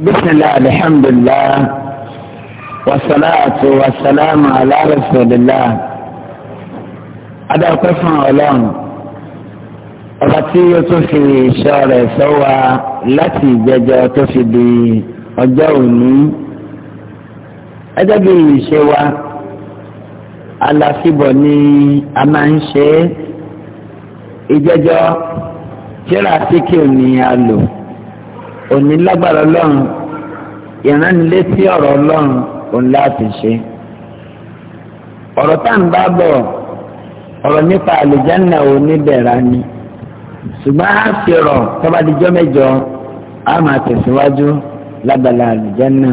بسم الله الحمد لله والصلاة والسلام على رسول الله هذا فان أولون أبتي تفي شارع سوى التي ججا تفي بي أجوني أدبي شوى alasibọ ni a máa ń ṣe ìjẹjọ òní lágbára ọlọ́run ìránnilétí ọ̀rọ̀ ọlọ́run òun láti ṣe. ọ̀rọ̀ tá ń bá bọ̀ ọ̀rọ̀ nípa àlùjáná oníbẹ̀rẹ̀ ni ṣùgbọ́n a fi rọ̀ tọ́badíjọ́ mẹ́jọ a máa tẹ̀síwájú lágbàlá àlùjáná.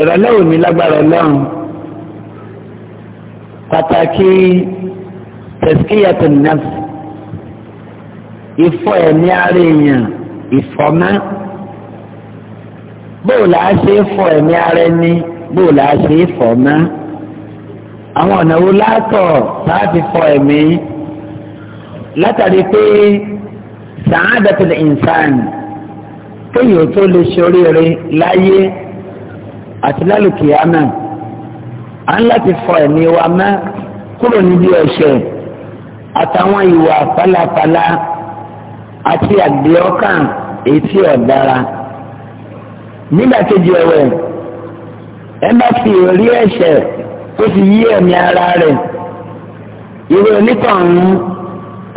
ìrọ̀lẹ́ òní lágbára ọlọ́run pàtàkì tẹ̀síkíyàtọ̀ náà ìfọ̀ ẹ̀mí ara èèyàn. ìfọ́mọ́ bóò là á ṣe fọ ẹ̀mí ara ẹni bóò là á ṣe fọ́mọ́ àwọn ọ̀nà wo látọ̀ sáàfì fọ ẹ̀mí látàrí pé sàádàtul ìnsàn kéèyàn tó lè ṣoríire láyé àti lálùkìyàmà à ń láti fọ ẹ̀mí wa mọ́ kúrò níbi ati àtàwọn ìwà pálapàla àti àgbẹ̀ọ́kàn. etí ọ̀dára nígbà kejì ẹ̀wẹ̀ ẹ bá fi orí ẹ̀ṣẹ̀ tó fi yí ẹ̀mí ara rẹ̀ ìwé onítọ̀hún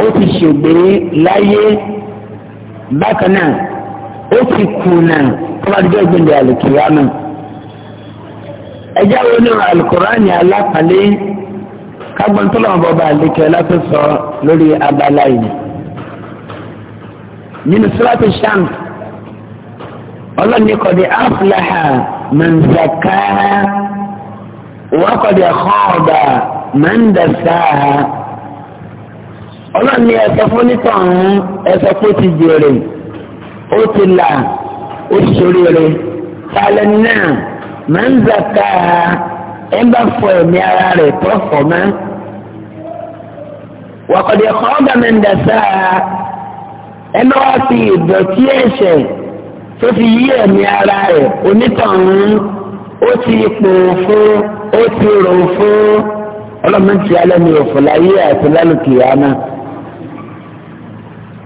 ó ti ṣègbè láyé bákan náà ó ti kùnà tó bá dúdú ẹgbẹ́ ìdè àlùkìyámà ẹjẹ́ wo ni alukurani alápàlẹ́ kágbọ́n tó lọ́wọ́ bọ́ bá àlùkìyámà tó sọ lórí abala yìí. nínú sọ́ọ̀tì shams ọlọ́ni kọ̀dé aflaha manzakaha wakọ̀dé khaba mandasaha ọlọ́ni ẹ̀sọ́ fún nítọ̀hún ẹ̀sọ́ fún ti jèrè ó ti là ó ti ṣoríire tààlẹ́ náà manzakaha ẹ̀ bá fọ ẹ̀mí ara rẹ̀ tó fọ̀ mọ́ wakọ̀dé khaba mandasaha. ẹ lọ́wọ́ ìdọ̀tí ẹ̀ṣẹ̀ tó fi yí ẹ̀mí ara rẹ̀ onítọ̀hún ó ti pò fún ó ti rò fún ọlọ́mọdé alẹ́ mi ò fòláyé àti lálùkìyà náà.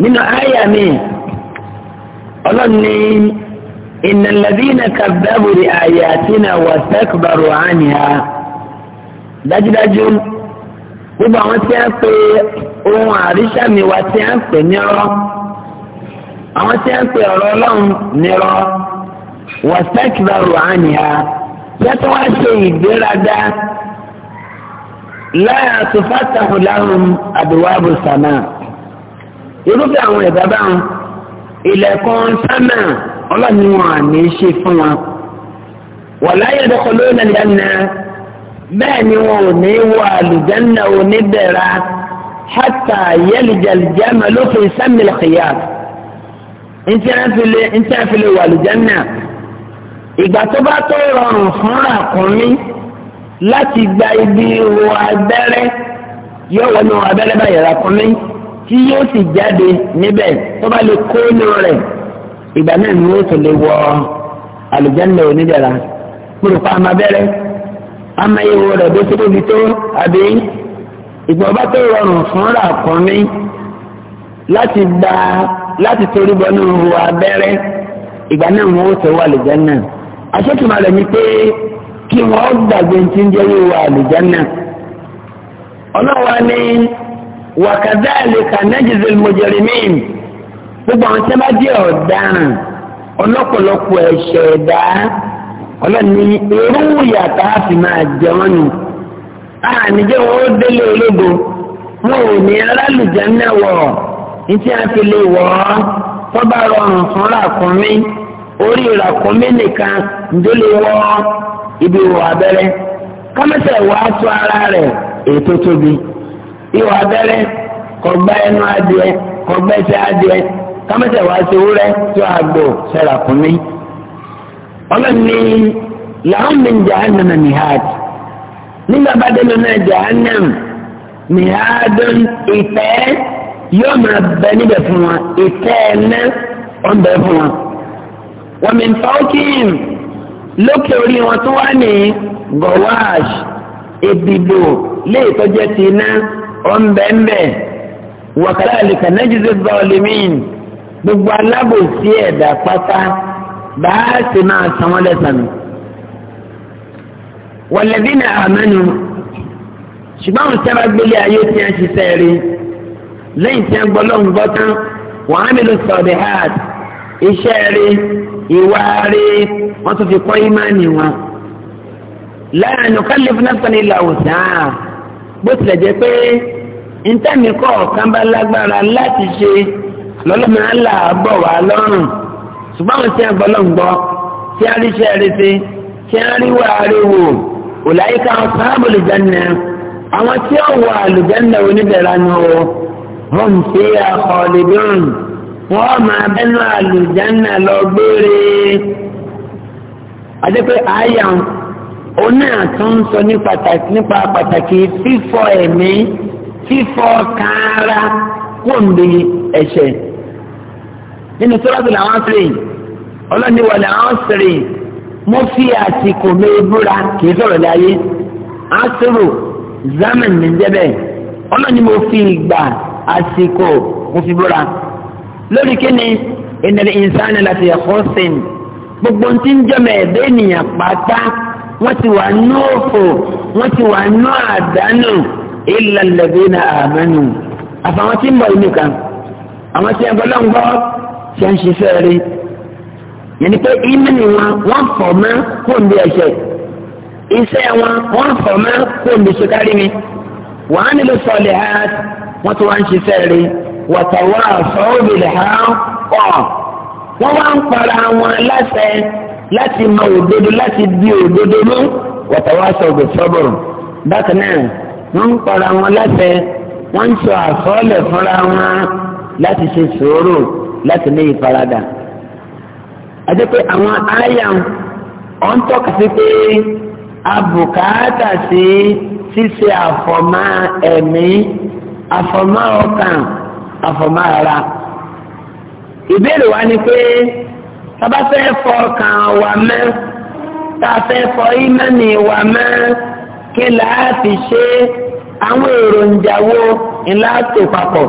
nínú àyà mi ọlọ́ni ìnàlẹ́bínà kàbẹ́bùrì àyà àti nà wàtẹ́kùbàrù àníhà dájúdájú gbogbo àwọn tí pe ohun àríṣàmì wa tí pè àwọn tí wọ́n pe ọ̀rọ̀ ọlọ́run nírọ́ wọ́n sẹ́kìlọ́rù àníyá yẹ́tọ́ wá ṣe ìgbéraga láyà tó fàtàkù láhùn àdúwàbù sàmà irúfẹ́ àwọn ẹ̀dá báwọn ilẹ̀kùn sàmà ọlọ́ni wọn àmì ṣe fún wọn wọ́n láyà dẹ́kọ̀ lónà lẹ́nà bẹ́ẹ̀ ni wọn ò ní wọ àlùjáná oníbẹ̀rẹ̀ hátà yẹ́lìjàlìjà màlúfin sàmìlì kìyàtọ̀ ntí a fi lè ntí a fi lè wà lùjánà ìgbà tó bá tó rọrùn fún ràkúnmí láti gba ibi ihò abẹ́rẹ́ yóò wọnú abẹ́rẹ́ báyìí ràkúnmí tí yóò sì jáde níbẹ̀ tó bá lè kó inú rẹ̀ ìgbà náà ni yóò tó lè wọ àlùjánà onídàra kúròpá àmà abẹ́rẹ́ àmà ihò rẹ̀ bó tó bí tó àbí ìgbà tó bá tó rọrùn fún ràkúnmí láti gba. láti torí bọ́ ní ìhù abẹ́rẹ́ ìgbà náà wọn ó tó wà àlùjánnà àṣetùmọ̀ rẹ̀ ni pé kí wọ́n gbàgbé tí ń jẹ́ ìhù àlùjánnà ọlọ́wà ni wàkàdáàlìkà najzil mujrimin gbogbo àwọn tí wọ́n bá jẹ́ ọ̀daràn ọlọ́pọ̀lọpọ̀ ẹ̀ṣẹ̀ ẹ̀dá ọlọ́ni irú yàtá fi máa jẹ wọ́n nù àníjẹ́ wọn ó délé ológo wọn ò ní alálùjánnà wọ̀ ọ́. ntí a fi lè wọ̀ ọ tọ́ba rọrùn fún ràkúnmí orí ràkúnmí nìkan ǹjọ́ lè wọ́ ibi ìwọ̀ abẹ́rẹ́ kámẹ́sẹ̀ wà á ara rẹ̀ ètò tóbi ìwọ̀ abẹ́rẹ́ kọ̀gbá ẹnu adìẹ kọ̀gbá ẹsẹ̀ adìẹ kámẹ́sẹ̀ ti tó àgbò ṣe ràkúnmí. ọlọ́ni làwọn mi ń jahannama mihad nígbà bá náà yóò máa bẹ níbẹ̀ fún wa ìtẹ́ ẹ̀ná ọ̀n bẹ fún wa. wọ́n mi ń fa ókìm lókè orí wọn tó wá ní gọ̀wáàṣ ìdìbò léè tó jẹ́ ti iná ọ̀n bẹ́ẹ̀nbẹ́ wàkàrà àlìkà nájúzẹ́ bọ́ọ̀lìmín gbogbo alábòsí ẹ̀dá pátá bàá sì máa san wọ́n lẹ́sàn. wọ̀lẹ́bí náà àmẹ́nu ṣùgbọ́n àwọn sábà gbélé ayé tí wọ́n ṣiṣẹ́ rí lẹ́yìn tí wọ́n gbọ́ lọ́hùn bọ́ tán wọ́n á mélòó sọ̀dẹ̀ hàd iṣẹ́ rí ìwà rí wọ́n tún fi kọ́ ìmánì wọn. láàrin nùkálífù náà sọ ní ìlà òsàn bó tilẹ̀ jẹ́ pé ntẹ́mi kọ̀ọ̀kan bá lágbára láti ṣe lọ́lọ́mọ àlà bọ̀ wá lọ́rùn ṣùgbọ́n àwọn tí wọ́n gbọ́ lọ́hùn gbọ́ tí wọ́n rí iṣẹ́ rí sí tí wọ́n rí wà rí wò òláyíká ọ̀sán àbòlùjẹ́ nìyẹn àwọn tí ó wọ àlùjẹ́ nìyẹn oníbẹ̀rẹ̀ ni ó wọ́n fi àkọọ́lẹ́dọ́n wọ́n máa bẹ́nu àlùjánà lọ gbére. àti pé àyà oní àtún sọ ní pàtàkì nípa pàtàkì fífọ ẹ̀mí fífọ kára kóńbi ẹ̀ṣẹ̀. nínú sọ́lọ́dún làwọn fèrè ọlọ́niwọ̀ làwọn fèrè mo fi àsìkò mẹ́ẹ̀búra kì í sọ̀rọ̀ láyé. asúrù zaman ní jẹ́bẹ̀ ọlọ́ni mo fi ìgbà Asiko mo fi búra lórí kíni ìnẹ̀lẹ̀ ìnsánà láti ẹ̀kọ́ sìn gbogbo tí ń jẹ́mọ̀ ẹ̀dẹ́ ènìyàn pátá wọ́n ti wà nú òfò wọ́n ti wà nú àdánù illa alladhina amanu àfàwọn tí ń bọ̀ inú kan àwọn tí ẹgbẹ́ lọ́n gbọ́ ṣe ń ṣiṣẹ́ rí yẹnni pé ìmìnì wọn wọ́n fọ̀ mọ́ kó ń bí ẹ̀ṣẹ̀ iṣẹ́ wọn wọ́n fọ̀ mọ́ kó bí ṣe kárí mi wàá nílò sọ̀lẹ̀ wọ́n tún wá ń ṣiṣẹ́ rí wọ̀tàwọ́ àfọwọ́bìlẹ̀ ha pọ̀ wọ́n wá ń para wọn láṣẹ láti mọ òdodo láti di òdodo mú wọ̀tàwọ́ àṣọ̀gbẹ̀ sọ́bùrù bákan náà wọ́n ń para wọn láṣẹ wọ́n ń sọ àsọ́ọ̀lẹ̀ fúnra wọn láti ṣe sùúrù láti ní ìfaradà àti pé àwọn àyà ọ̀ ń tọ́ka sí pé abùkátà sí ṣíṣe àfọ̀mọ́ ẹ̀mí àfọ̀mọ́ ọkàn àfọ̀mọ́ ara ìbéèrè wa ni pé tábà fẹ́ fọ ọkàn wa mọ́ tá a fẹ́ fọ ìmọ̀nì wa mọ́ kí láti ṣe àwọn èròjà wo ńlá tó papọ̀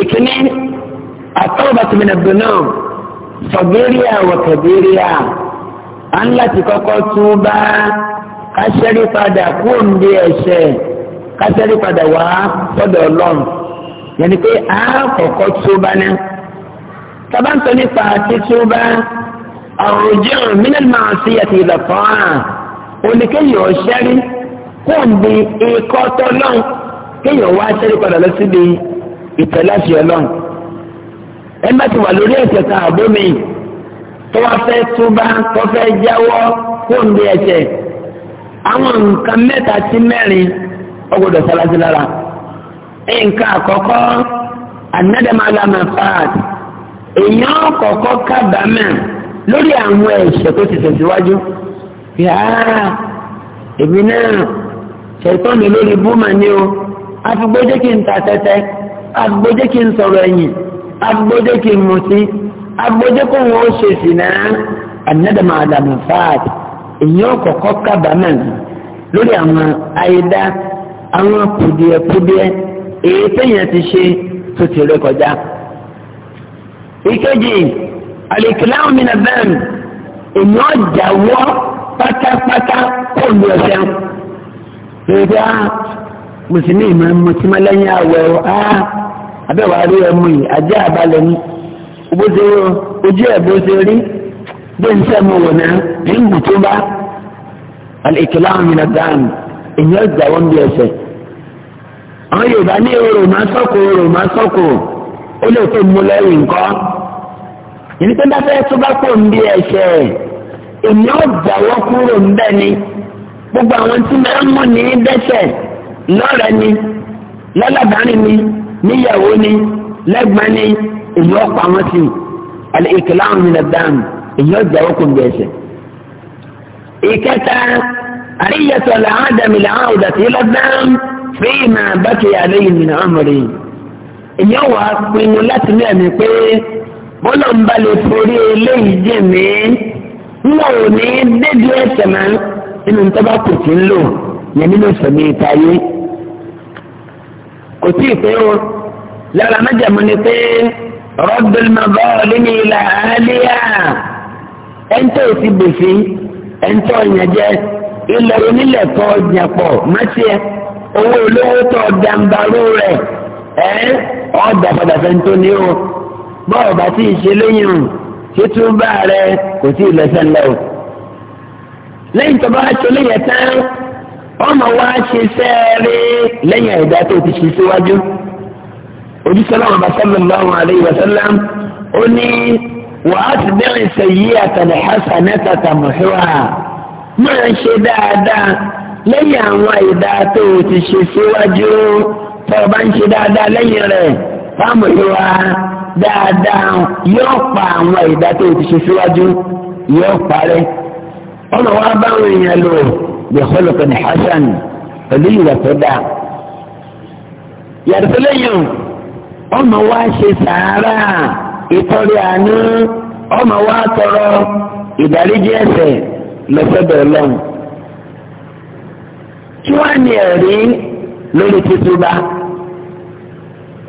ìkíní àtọ́bàtìmínà gbóná sọ̀gẹ́ríà wọ̀kẹ̀gẹ́ríà à ń láti kọ́kọ́ tún bá káṣẹ́rí padà kúòǹdé ẹ̀ṣẹ̀ kásẹ́rì padà wá sọ́dọ̀ ọlọ́run yẹn ni pé àkọ́kọ́ túbá náà tàbá ń sọ nípa títúbá àròjọ́ mílíọ̀nù máa sí àti ìlọ̀kọ́ à oníkéyìí ọ̀ṣẹ́rí kò ń bi ikọ́ tọ́lọ́n kéèyàn wá ṣẹ́rí padà lọ síbi ìtẹ̀láṣẹ ọlọ́run ẹ má ti wà lórí ẹ̀ṣẹ̀ kan àbó mi tó wá fẹ́ túbá tó fẹ́ jáwọ́ kò ń bi ẹ̀ṣẹ̀ àwọn nǹkan mẹ́ta sí mẹ́rin. ọgbọ́dọ̀ sálásí lára nǹkan àkọ́kọ́ anádàmàlámà fàd èèyàn kọ́kọ́ kábàámẹ̀ lórí àwọn ẹ̀ṣẹ̀ tó ti tẹ̀síwájú yàrá èmi náà ṣètọ́nù lórí búmà ni o afigbójé kí n ta tẹ́tẹ́ afigbójé kí n sọ̀rọ̀ ẹ̀yìn afigbójé kí n mutí afigbójé kó wọn ó ṣe sí náà èèyàn kábàámẹ̀ lórí àwọn àyídá. àwọn kùdìẹ̀kùdìẹ̀ èyí téèyàn ti ṣe tó ti ré kọjá. ìkejì àlèkìláwọ̀ mi náà bẹ́ẹ̀ ni èmi ọjà wọ́ pátápátá kó lu ẹ̀ṣẹ̀ lórí a mùsùlùmí ìmọ̀ mùsùlùmí lẹ́yìn àwẹ̀ ọ̀ á ah, abẹ́wàá rí ẹmu yìí ajé àbálẹ̀ ni bó ṣe ojú ẹ̀ bó ṣe rí bí n sẹ́mu wò ná ní gbùtúbá àlèkìláwọ̀ mi náà dáhùn èmi ọjà wọ́n bí ẹ̀ṣẹ̀. àwọn yorùbá ní orò máa sọ́kò orò máa sọ́kò ó lè tó nkọ. lẹ́rù nǹkan yìí tó bá fẹ́ tó bá pò ń bí ẹ̀ṣẹ̀ èmi ò kúrò ń ni gbogbo àwọn tí máa ń mú ní lọ́rẹ̀ ni lọ́lọ́bàárin ni níyàwó ni lẹ́gbọ́n ni èmi ò pa wọ́n sí èmi ò ń bí ẹ̀ṣẹ̀. ìkẹta fíì máa bá kí àléyìn mi náà mọ̀rẹ́ ìyá wa pinnu láti ní ẹ̀mí pé bọ́lá ń balẹ̀ forí eléyìí jẹ́ mi ńlá ò ní dédé ẹsẹ̀ máa nínú tó kò tí ń lò yẹn nínú sọ̀mí ìtayé kò tí ì pé o lára májàmú ni pé rọ́bìlì bá ọ lé ilà ẹ̀ńtọ́ òsì gbèsè ẹ̀ńtọ́ kọ́ owó olówó tó dàǹbaró rẹ̀ ẹ́ ọ̀dà padà fẹ́ tó ní o bọ́ọ̀ bá ti ṣe lẹ́yìn o títúbà rẹ̀ kò tí ì lẹ́sẹ̀ ńlẹ̀ o. lẹ́yìn tó bá ṣe lẹ́yìn tán ọmọ wa ṣe sẹ́ẹ̀rẹ́ lẹ́yìn ẹ̀dá tó ti ṣe síwájú. ojúṣọlá wọn sábà bá wọn àlẹ́ ìwàsálà ó ní wàá ti bẹ̀rẹ̀ sẹ́yìí àtàlẹ́ hasanẹ́tàtà mọ̀ṣúwà máa ń ṣe dáadáa lẹ́yìn àwọn àìdá tó o ti ṣe síwájú tó o bá ń ṣe dáadáa lẹ́yìn rẹ̀ fáwọn ìwà dáadáa yóò pa àwọn àìdá tó o ti ṣe síwájú yóò parẹ́ ọmọ wa báwọn èèyàn lò bí khuluqin hasan pẹ̀lú ìwà tó dáa yàtọ̀ lẹ́yìn ọmọ wa ṣe sàárà ìtọ́rí àánú ọmọ wa tọrọ ìdáríjì ẹ̀ṣẹ̀ lọ́sọ̀dọ̀ ọlọ́run kí wọ́n á ní ẹ̀rí lórí títúbà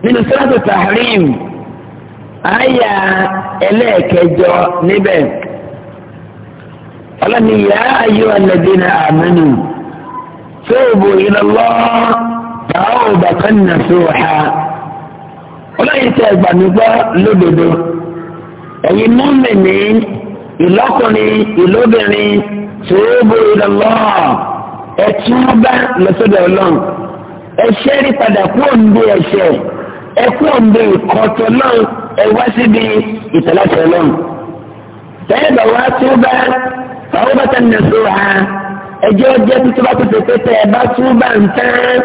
nínú sọ́dọ̀ tahrim àyà ẹlẹ́ẹ̀kẹjọ níbẹ̀ ọlọ́ni yá ayé alladhina amanu tubu ila Allah tawbatan nasuha ọlọ́yin tẹ gbàmígbọ́ lódodo ẹ̀yin mọ́mìnì ìlọ́kùnrin ìlóbìnrin tubu ila Allah. ẹtí wọn bá lọsọdọ Ọlọ́run ẹ̀ṣẹ̀ rí padà kú òǹdè ẹ̀ṣẹ̀ ẹkú òǹdè ìkọtọ náà ẹwà síbi ìtàláṣẹ Ọlọ́run tẹyẹbà wá tó bá fàwọn bàtà nẹsọ ha ẹjọ jẹ tuntun bá tuntun pépè ẹ bá tó bá ń tán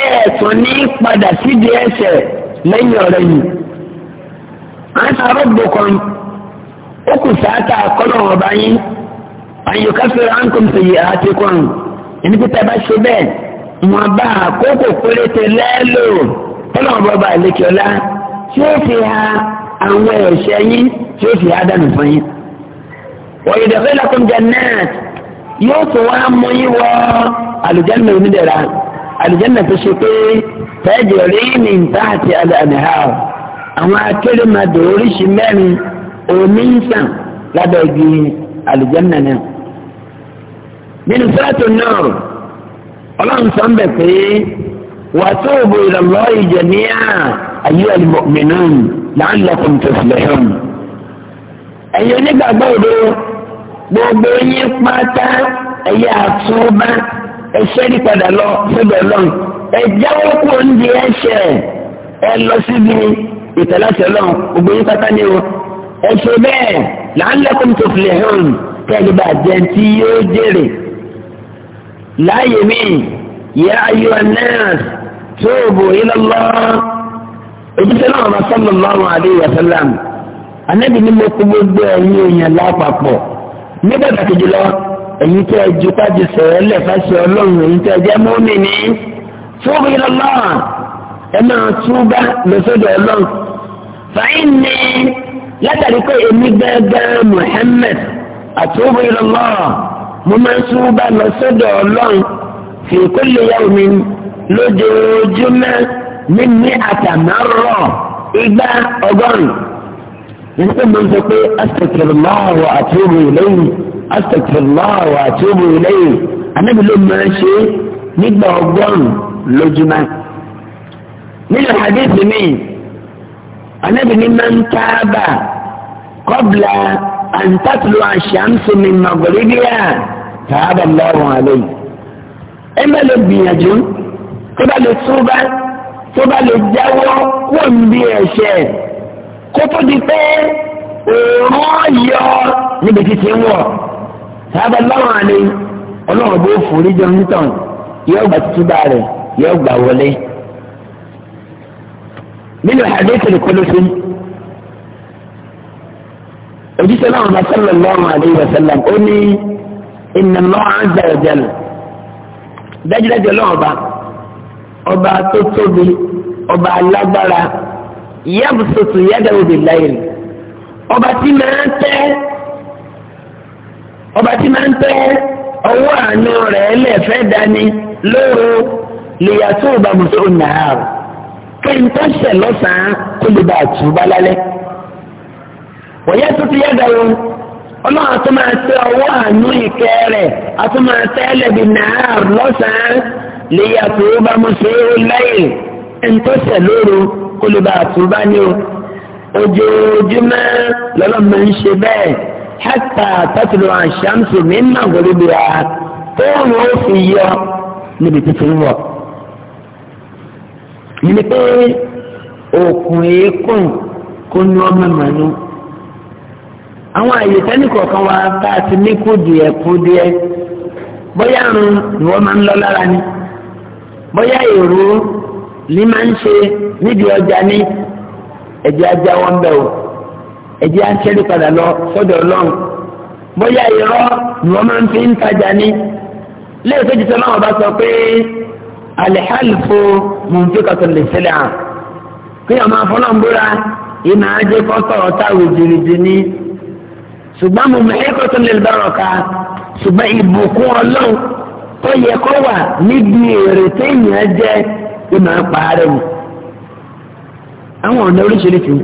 ẹ ẹtàn ní padà síbi ẹ̀ṣẹ̀ lẹ́yìn ọ̀rẹ́ yìí àṣà rọgbò kan ó kù sáà ká kọlọ ọba yín àyùká fẹrẹ yìí àti ẹni pé tẹ́ bá ṣe bẹ́ẹ̀ wọn bá àkókò péréte lẹ́ẹ̀lò tọ́lọ́mọ bàbá àlékiọlá tí ó fi ha àwọn ẹ̀ṣẹ̀ yín tí ó fi ha dànù fún yín. wọ́n ìdọ̀fẹ́ lakum jannat yóò tún wá mú yín wọ àlùjánnà onídẹ̀ra àlùjánnà tó ṣe pé tẹ́jọ rí ní ntáàtì àlàáhà àwọn akérèmọdò oríṣi mẹ́rin omi lábẹ́ igi àlùjánnà náà nínú sẹ́ẹ̀tù náà ọlọ́run sọ ń bẹ̀ pé watubu ila Allahi jami'an ayyuhal mu'minun la'allakum tuflihun. ẹ̀yin onígbàgbọ́ òdo gbogbo yín pátá ẹ̀yẹ àtúbá ẹ̀ṣẹ́ ní padà lọ síbẹ̀ lọ́n ẹ̀jáwó kú oúnjẹ ẹ̀ṣẹ̀ ẹ̀ lọ síbi ìtẹ̀láṣẹ̀ lọ́n gbogbo yín pátá ni o ẹ̀ṣẹ̀ bẹ́ẹ̀ la'allakum tuflihun kẹ́ẹ̀lì bàjẹ́ tí yóò jèrè láàyè míì yẹ ayé anáàs tóòbù ilallah òjíṣẹ́ náà ma sallallahu alayhi wa sallam anábì ní mo kú gbogbo ẹ̀yin èèyàn lápapọ̀ ní pàtàkì jùlọ ẹ̀yin tẹ́ ẹ ju pàjù sọ̀rọ̀ lẹ́fàṣẹ ọlọ́run ẹ̀yin tẹ́ ẹ jẹ́ mùmínì tóòbù ilallah ẹ máa túbá lọ́sọ̀dọ̀ ọlọ́run fàáyín ni látàrí pé èmi gbẹ́gbẹ́ Muhammad atubu ilallah mo máa ń tún bá lọ sọ́dọ̀ ọlọ́run fi kulli yawmin lójoojúmọ́ ní ní àtàmárọ̀ igba ọgọ́rùn. nígbà mo ń sọ pé astaghfirullah wa atubu ilayhi astaghfirullah wa atubu ilayhi anábì ló máa ń ṣe nígbà ọgọ́rùn lójúmọ́. nínú hadith mi anábì ní máa ń tábà qabla. أن تطلع الشمس من مغربها تاب الله عليه إما لبيجو كبا لتصوبة كبا للجو وانبيشه kótó di pé òòrùn yọ níbi títí ń wọ̀ sábà láwọn àlè ọlọ́run bó forí jọ nítàn yóò gba títúbà rẹ̀ yóò gbà wọlé. nínú hadith al-Qudsi òjíṣẹ́ náà bá sọ̀rọ̀ lọ́rùn àdéhùn ọ̀sẹ̀lẹ̀ ó ní ìnànà àjà ìjẹun dájúdájú ọlọ́run ọba ọba tó tóbi ọba alágbára yẹ́bùsọ̀tù yẹ́dẹ̀wò bì láyìn ọba tí máa ń tẹ́ ọba tí máa ń tẹ́ ọwọ́ àánú rẹ̀ lẹ́ẹ̀fẹ́ dání lóru lèyàtọ̀ ọba mùsùlùmí náà kẹ́ńtọ́ṣẹ̀ lọ́sàn-án kó lè bá àtúbálálẹ́ wòye tuntun yẹ dẹ wọn ọlọ́run tó máa tẹ ọwọ́ àánú ìkẹ́ rẹ̀ àti máa tẹ́lẹ̀ bí náà lọ́sàn-án lè yàtọ̀ ó bá mọ̀ sí ó lẹ́yìn ẹ̀ńtọ́sẹ̀ lóru kó lè bá àtúbá ní o ojoojúmọ́ lọ́lọ́mọ ń ṣe bẹ́ẹ̀ hẹ́tà tẹ́tùlù àṣàmùsù mi ń nà gòrí bi fóònù ó fi yọ níbi tuntun wọ̀ ní pé òkun èékùn kó ní ọmọ màánú. àwọn àyè sẹ́ni kọ̀ọ̀kan wa tá a ti ní kùdìẹ̀ kùdìẹ̀ bóyá àrùn ni wọ́n máa ń lọ lára ni bóyá èrò ní máa ń ṣe nídìí ọjà ní ẹ̀jẹ̀ ajá wọn bẹ̀ o ẹ̀jẹ̀ akẹ́rì padà lọ sọ́dọ̀ ọlọ́run bóyá irọ́ ni wọ́n máa ń fi ń tajà ní lẹ́ẹ̀kẹ́ jù sọ́nà ọba sọ pé alihalifu mùnfíkàtò lè ṣẹlẹ̀ hàn kí ọmọ afọlọ́nbúra ìmọ̀ ajé kọ́tọ̀ ọ̀tá wòjìrìjì ṣùgbọ́n mo mọ̀ ẹ́kọ́ tó lè bẹ̀rọ̀ ká ṣùgbọ́n ìbùkún ọlọ́run tó yẹ kó wà níbi èrè téèyàn jẹ́ ìmọ̀ pààrẹ̀ wò. àwọn ọ̀nà oríṣiríṣi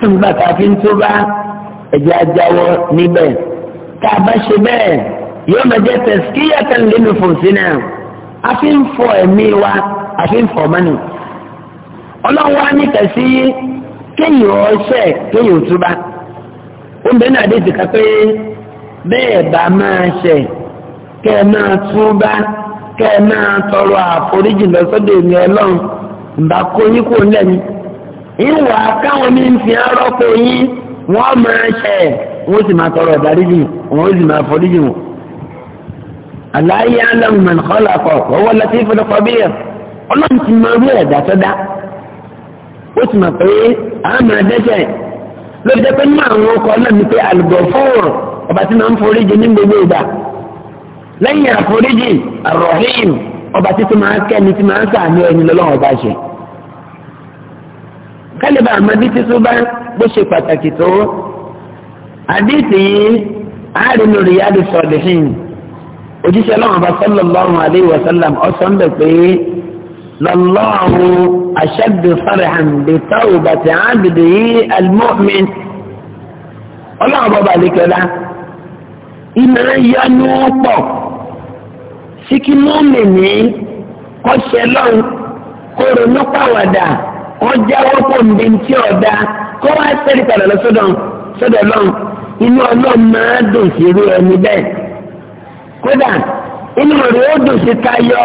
tó ń gbà ká fi ń tó bá ẹ̀jẹ̀ ajáwọ́ níbẹ̀ tá a bá ṣe bẹ́ẹ̀ yóò máa jẹ́ tẹ̀síkíyàtà nínú fòsínà a fi ń fọ ẹ̀mí wa a fi ń fọ mọ́nì. ọlọ́run wa ní kẹ̀sí kéèyàn ọṣẹ kéèyàn túbá. ń bẹ náà déjì ká pé bẹ́ẹ̀ bá máa ṣẹ̀ kẹ́ ẹ máa túbá kẹ́ máa tọrọ àforíjì lọ èmi ọlọ́run ìbá kó yín kó lẹ́nu ìwà káwọn mi ń fi arọ́pò yín wọ́n máa ṣẹ̀ wọ́n sì máa tọrọ ìdáríjì wọ́n sì máa foríjì wọn. àlàyé alam man khalaqa wa huwa latiful ọlọ́run ti máa rú ẹ̀dá tó dá ó sì máa pé àmà lórí jẹ́pẹ́ ní àwọn ọkọ̀ náà ní pé Al-Ghafur ọba tí máa ń foríjì ní gbogbo ìgbà lẹ́yìn àforíjì Ar-Rahim ọba tí tí máa ń kẹ́ni tí máa ń sàánú ẹni lọ́lọ́wọ́ bá ṣe. kálíbà àmọ́bí tí tó bá bó ṣe pàtàkì tó àdìsí yìí àárínú Riyadus Salihin òjíṣẹ́ lọ́wọ́ bá sallallahu alaihi wa ọ̀sán bẹ̀ pé لله أشد فرحا بتوبة عبده المؤمن الله بابا لكلا إما ينوطا síkí mọ́mìnì kọ́ṣẹ́ lọ́n kó ronú pàwàdà wọ́n jáwọ́ pò ń bí tí ọ̀dà kó wá sẹ́rí padà lọ sọ́dọ̀ sọ́dọ̀ lọ́n inú ọlọ́run máa dùn sí irú ẹni bẹ́ẹ̀ kódà inú rẹ̀ ó dùn sí tayọ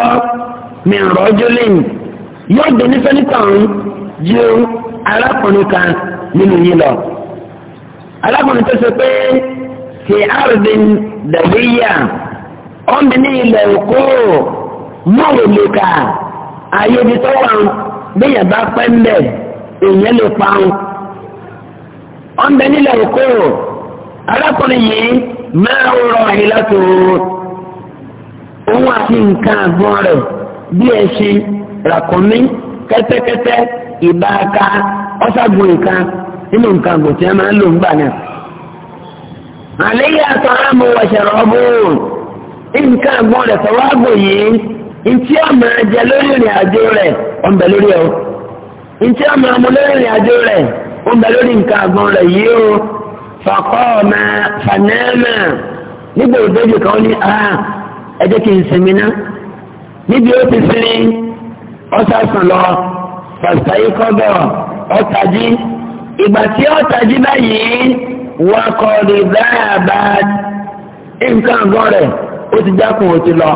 mi rọ́jò lẹ́yìn yóò dé ní sẹ́nitọ̀ ju kan nínú lọ. arákùnrin tó ṣe pé ṣe àrùbin dàbíyà ọ̀nbí ní ilẹ̀ òkú mọ̀wòlùkà ayébítọ́wà bẹ́yà bá pẹ́ ń bẹ̀ èèyàn lè pa ń. ọ̀nbí nílẹ̀ òkú arákùnrin yìí máa ń rọ ìlàtò òun àti nǹkan àgbọn rẹ̀. bí ẹṣin ràkúnmí kẹ́tẹ́kẹ́tẹ́ ìbaaka ọ̀ṣàgùn nǹkan nínú nǹkan àgùntì ẹ̀ máa ń lò ń gbà náà. àléyé àtọ̀ àmú wọ̀ṣẹ̀rọ̀ ọ̀bùn nǹkan àgbọ̀n rẹ̀ sọ̀rọ̀ àgbò yìí ntí ọmọ jẹ lórí ìrìn àjò rẹ̀ ọ̀nbẹ lórí o ntí lórí ìrìn àjò rẹ̀ lórí nǹkan àgbọ̀n rẹ̀ yìí o fàkọ́ fànẹ́ẹ̀mà nígbà níbi ó ti sinmi ọ̀sàsùn lọ fàṣàyí kọ́gọ̀ ọ̀tàjí ìgbà tí ọ̀tàjí báyìí wà kọ́ lè dáàbà nǹkan gan rẹ̀ ó ti jákun ó ti lọ.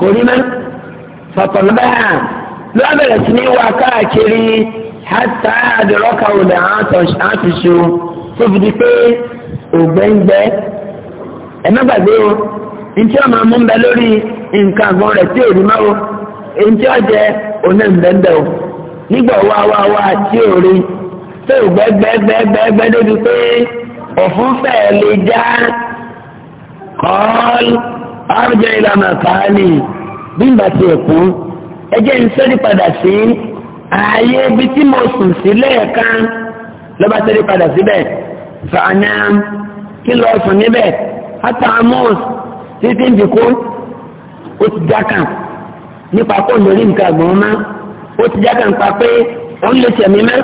kò ní mẹ́ fàtọ̀nù báyà ló bẹ̀rẹ̀ sí ní wà káàkiri hátà àdìrọ́kà òdà àtúnṣe tó fi di pé ògbẹ́ngbẹ́ ẹ̀mẹ́gbàgbé o ntí ọmọ mú bẹ lórí nǹkan àgbọn rẹ̀ tí ò rí máwo ntí ọjẹ oní nbẹ́nbẹ́ o nígbà wá wá wá tí ò rí tó gbẹ́gbẹ́gbẹ́gbẹ́ débi pé òfun fẹ́ẹ́ lè já kọ́ọ́l ọ̀rọ̀jọ ìlànà kàálì bí n bá ti kú ẹ jẹ́ padà sí ààyè ibi tí mo sùn sí lẹ́ẹ̀kan lọ́ba sẹ́rí padà síbẹ̀ fàánà kí lọ́ọ́ níbẹ̀ hátà títí ń di kó ó ti jákà nípa kó lórí nǹkan àgbọ̀n má ó ti jákà nípa pé òun lè sẹ̀mí má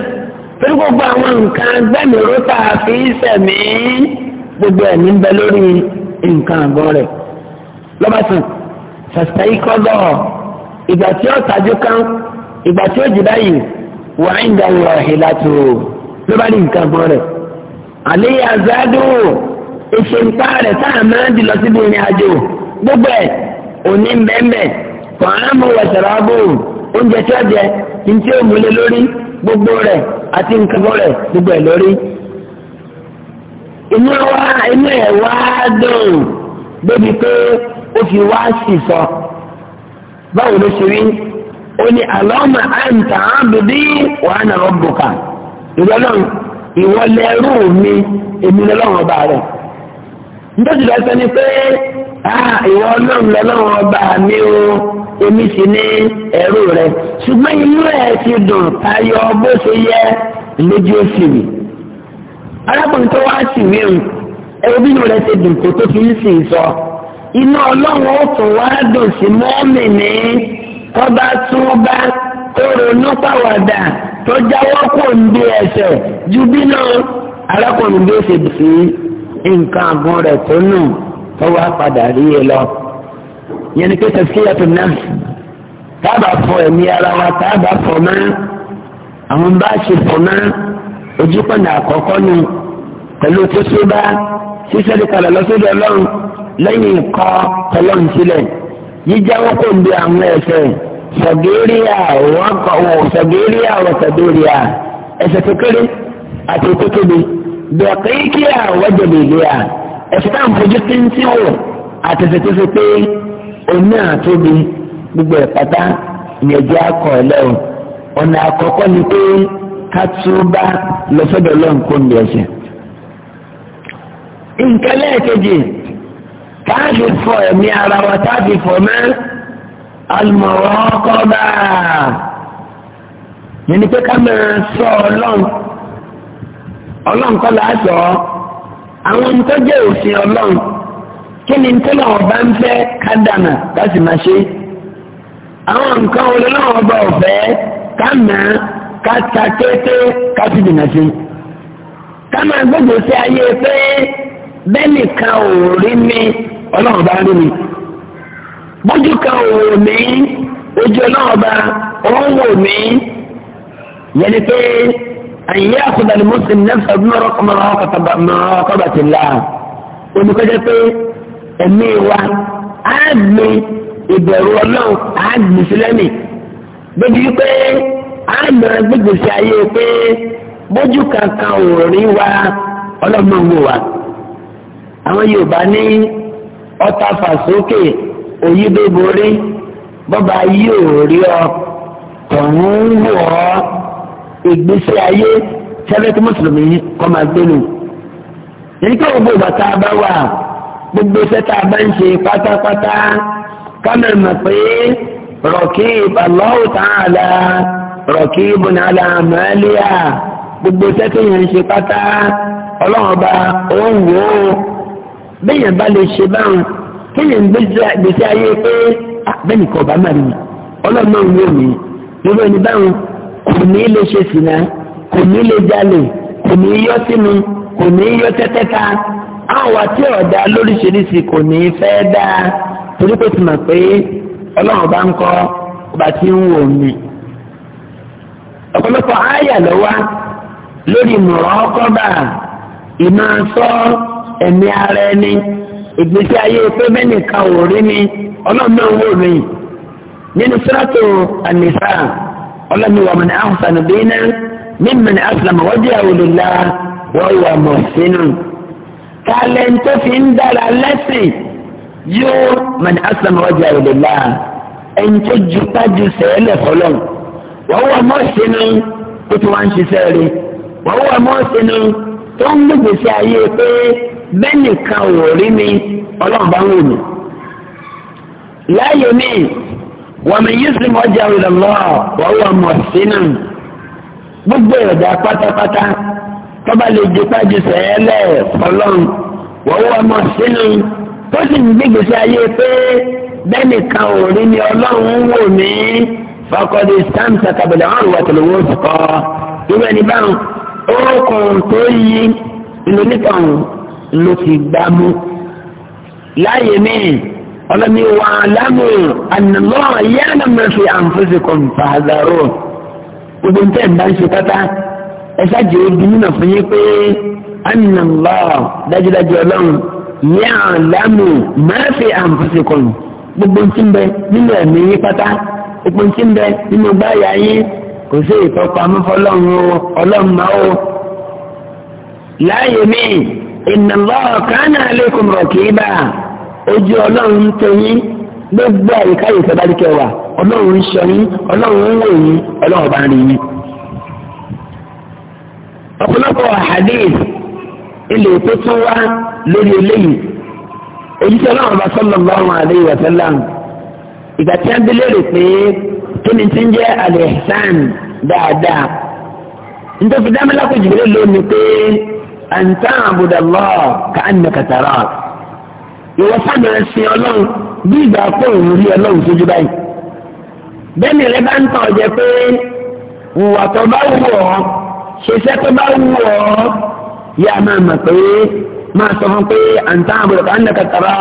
torí gbogbo àwọn nǹkan gbẹ̀mìíró tá a fi sẹ̀mí gbogbo ẹ̀mí ń bẹ lórí nǹkan àgbọ̀n rẹ̀ lọ́bàtàn sàṣàyí kọ́dọ̀ ìgbà tí ó tajú kan ìgbà tí ó jì báyìí wà ń dà lọ ìlàtò ló bá nǹkan àgbọ̀n rẹ̀ àléyà zádùn. ìṣèǹkà rẹ̀ táà máa lọ síbi ìrìn àjò gbogbo ẹ̀ òní mbẹ́mbẹ́ kọ̀ọ̀rán wọ̀ṣẹ̀rọ̀ abò oúnjẹ tí ó jẹ ní tí ó gbogbo rẹ̀ àti nǹkan rẹ̀ gbogbo ẹ̀ lórí. inú wa inú ẹ̀ wá fi wá sì sọ báwo ló ṣe rí ó ní àlọ́mà àǹtà àbùdí wàá nà ọ́ bùkà mi èmi lọ́wọ́ nítorí lọ́sọ ni pé ìwọ ọlọ́run lọ́lọ́run ọba mi o omi sì ní ẹ̀rù rẹ̀ ṣùgbọ́n inú ẹ̀ ti dùn tayọ bó ṣe yẹ lójú òsì mi. arákùnrin tó wá sí mi o ẹ̀rù rẹ̀ ti dùn kó fi ń sìn sọ. inú ọlọ́run ó tún wá dùn sí mọ́ọ̀mì ní tún bá tó jáwọ́ ń bí ẹsẹ̀ ju bínú nǹkan àgùn rẹ̀ tó nù tó wá padà rí e lọ. yẹn ni pé tẹ̀síkìyà tó náà tábà fọ ẹ̀mí ara wa tábà fọ mọ́ àwọn bá ṣe fọ mọ́ ojúkọ̀nà àkọ́kọ́ nù pẹ̀lú tó bá sísẹ́lẹ̀ kalẹ̀ lọ́sọ́dọ̀ ọlọ́run lẹ́yìn ikọ́ tọlọ́run sílẹ̀ jíjáwọ́ kò ń bi àwọn ẹ̀ṣẹ̀ sọ̀gẹ́ríà wọ́n sọ̀gẹ́ríà wọ́n sọ̀gẹ́ríà ẹ̀ṣẹ̀ kékeré àti ètò tóbi bẹ̀ẹ̀kẹ́kíà wọ́jọ̀ bèbè à ẹ̀sìn táwọn fojú tẹ́ńtì wọ̀ àtẹ̀sẹ̀tẹ̀sẹ̀ pé oní àtúbi gbogbo ẹ̀pátá ni ẹ̀jẹ̀ akọ̀ ẹ̀lẹ́wọ̀n ọ̀nà àkọ́kọ́ ni pé kátúbá lọ́sọ̀dọ̀ lọ́nkóńdé ẹ̀sìn. nǹkan lẹ́ẹ̀kejì táàbì fọ ẹ̀mí ara wa táàbì fọ mẹ́ alùmọ̀ràn kọ́ bá a yẹn ni pé ká máa sọ ọlọ́run. ọlọ́run kọ́ la sọ ọ́ àwọn òfin ọlọ́run kí ni ọba ń fẹ́ kádànà láti máa ṣe àwọn nǹkan olólùwọ̀n ọba ọ̀fẹ́ ká nà ká ta kété ká sì dènà sí ká máa sí ayé pé bẹ́ẹ̀ nìkan ò rí mi ọlọ́run bá rí mi bójú kan ò wò mí ojú àyè àkùdà ni mùsùlùmí náà sọ fún ọ̀rọ̀ ọmọ ọkọọba ti la olùkọjá pé ẹ̀mí wa á gbé ìbẹ̀rù ọlọ́run á gbé sílẹ̀ mi débi pé á nà gbégbé sí ayé pé bójú kankan ò rí wa ọlọ́mọ ń wò àwọn Yorùbá ní ọta fàsókè òyìnbó borí bọ́ba yóò rí ọ tọ̀hún wò ọ́. ìgbésí ayé sẹ́fẹ̀tì mùsùlùmí kọ́ gbénu. èyí gbogbo ìgbà a bá wà gbogbo iṣẹ́ tá a bá ń ṣe pátápátá kámẹ́ mọ̀ pé rọ̀kì Allahu ta'ala rọ̀kì la, màálíà gbogbo iṣẹ́ tó yẹn ń ṣe pátá ọlọ́run ọba bẹ́ẹ̀ yẹn bá lè ṣe kò ní lè ṣe sìnà kò ní lè jalè kò ní yọ sínú kò ní yọ tẹ́tẹ́ ká àwọn àti ọ̀dà lóríṣiríṣi kò ní fẹ́ dáa torí pé ti pé ọlọ́run bá ń kọ́ ọba tí ń wò mí. ọ̀pọ̀lọpọ̀ àyà ló wá lórí mọ̀rọ̀ ọkọ́bà ìmọ̀ sọ ẹ̀mí ara ẹni ìgbésí ayé pé mẹ́nìkan ò rí mi ọlọ́run náà wò mí. nínú sọ́tò ànísà ọlọ́ni wà mọ̀nà àǹfààní bẹ́ẹ̀nà mímọ̀ ní asàmù wọ́n jẹ́ òlùlá wọ́n wà mọ̀ sínú. tàlẹ́ǹtò fi ń dára lẹ́sìn yóò mọ̀nà asàmù wọ́n jẹ́ òlùlá ẹni tó ju tájú sẹ́ẹ̀lẹ̀ fọlọ́ wọ́n wà mọ̀ sínú tó ti wá ń ṣiṣẹ́ rí wọ́n wà mọ̀ sínú tó ń gbèsè ayé pé bẹ́ẹ̀nì kan ò rí mi ọlọ́run ومن يسلم وجهه إلى الله وهو محسن gbogbo ìrọ̀jà pátápátá tọ́ba lè jupájú sẹ́ẹ̀lẹ̀ fọlọ́n wọ́wọ́ ọmọ sínú tó sì ń gbégbèsè ayé pé bẹ́ẹ̀ni kan ò rí ni ọlọ́run ń wò mí fakọ́dé stamps àtàbẹ̀lẹ̀ wọn rò wàtò lówó kọ́ irú ẹni báwọn oókan tó yí ìlú nìkan ló ti gbámú láàyè míì ọlọ́ni wà á lámù ànàmọ́ yánà máa fi àǹfọ̀sì kan fàdàrọ̀ gbogbo nǹkan ẹ̀ bá ń ṣe pátá ẹ ṣáàjì ojú nínà fún yín pé ànàmọ́ dájúdájú ọlọ́run yánà lámù máa fi àǹfọ̀sì kan gbogbo tí ń bẹ nínú ẹ̀mí yín pátá gbogbo tí bẹ nínú gbáyà yín kò sí ìtọ́pamọ́ fọlọ́run o ọlọ́run máa o láàyè mi ìnàmọ́ kánà àlékún kì í bá a ojú ọlọ́run ń tẹ̀yìn gbogbo àyíká ìfẹ́bálí kẹwàá ọlọ́run ń ṣọ yín ọlọ́run ń wò yín ọlọ́run bá ń rí yín. ọ̀pọ̀lọpọ̀ hadith ilé tó tún wá lórí eléyìí èyí tí ọlọ́run bá sallallahu alaihi wa sallam ìgbà tí wọ́n délé rè pé kí ni ti ń jẹ́ al-ihsan dáadáa nítorí dámẹ́lá kò jùlọ lónìí pé an ta'budallaha ka'annaka tarahu ìwọ sábà ń sin ọlọ́run bí ìgbà pé òun rí ọlọ́run sójú báyìí. bẹ́ẹ̀ni rẹ bá ń tàn jẹ pé ìwà tó bá wù ọ́ ṣiṣẹ́ tó bá wù ọ́ yá máa mọ̀ pé máa sọ fún pé àǹtá àbúrò kan lè kàkàrà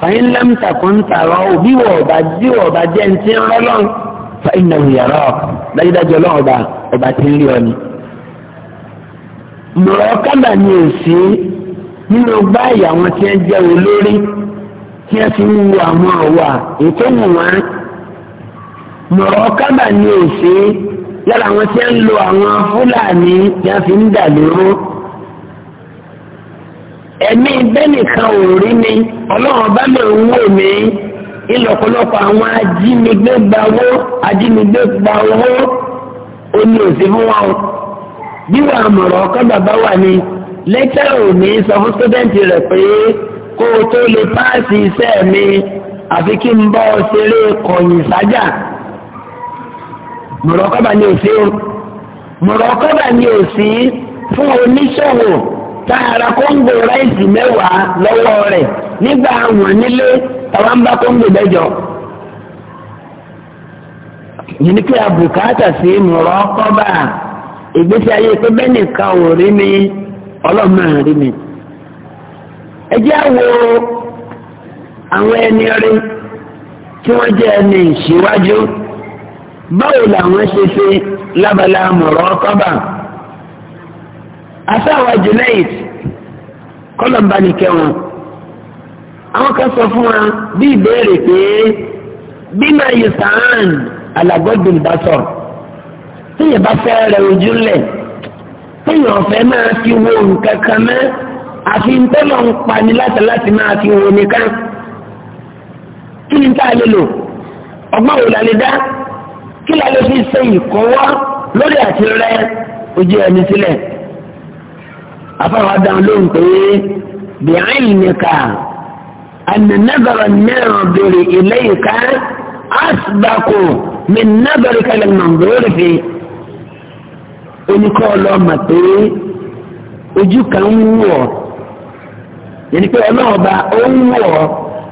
fàyín lẹ́mtà kò ń tààrọ̀ òbí wọ̀ ọ̀bà bí wọ̀ ọ̀bà jẹ́ ní ti ń rọ́lọ́n fàyín náà yàrá dájúdájú ọlọ́run ọba ọba ti ń rí ọ ni. mọ̀rọ̀ kábà ni èsì nínú báyìí àwọn tí wọ́n jẹ́ olórí tí wọ́n fi ń wo àwọn ọ̀wà ètò wọn mọ̀rọ̀ kábà ní òṣè lára àwọn tí lo àwọn fúlàní tí fi ń dà lóró ẹ̀mí bẹ́nìkan ò rí mi ọlọ́run mi ń wò mí ìlọ̀pọ̀lọpọ̀ àwọn ajínigbé gba owó ajínigbé gba owó ó ní wa bí lẹ́tẹ̀rì òní sọ fún sítúdẹ̀ǹtì rẹ̀ pé kó o tó lè páàsì iṣẹ́ mi àfi kí n bọ́ ṣeré kọ̀yìn sájà mọ̀rọ̀kọ́bà ni ò sí mọ̀rọ̀kọ́bà ni fún oníṣòwò tá a ra kóńgò ráìsì mẹ́wàá lọ́wọ́ rẹ̀ nígbà àwọn nílé tàwa ń bá kóńgò yìí ni pé sí ọlọ́mọ àárí mi. ẹ jẹ́ àwọ àwọn ẹni rí tí wọ́n jẹ́ ẹni ìṣíwájú báwo làwọn ṣe ṣe lábala mọ̀rọ́ kọ́bà. àtàwọn junaid kọ́lọ̀mbà nìkẹ́ wọn àwọn kan sọ fún wa bí ìbéèrè pé bí máa sàn án alàgọ́dùn bá tíyẹ̀ bá fẹ́ rẹ ojú ńlẹ̀ téèyàn fẹ́ máa fi wo nǹkan kan mọ́ àfi ntọ́lọ̀ ń pani láti láti máa fi wo nìkan kí ni tá a lè lò ọgbọ́n wò la lè dá kí la lè fi ṣe ìkọ́wọ́ lórí àti rẹ ojú ẹni sílẹ̀ afáwọn adáhùn ló ń bìáyìn nìkan ànànàbàrà náà bèrè ilé ìka àsìbàkù mi nàbàrà kalẹ̀ mọ̀ bèrè fi oníkọ́ ọlọ́mà pé ojú kan ń wù ọ́ yẹnni pé ọlọ́ọ̀ba ó ń wù ọ́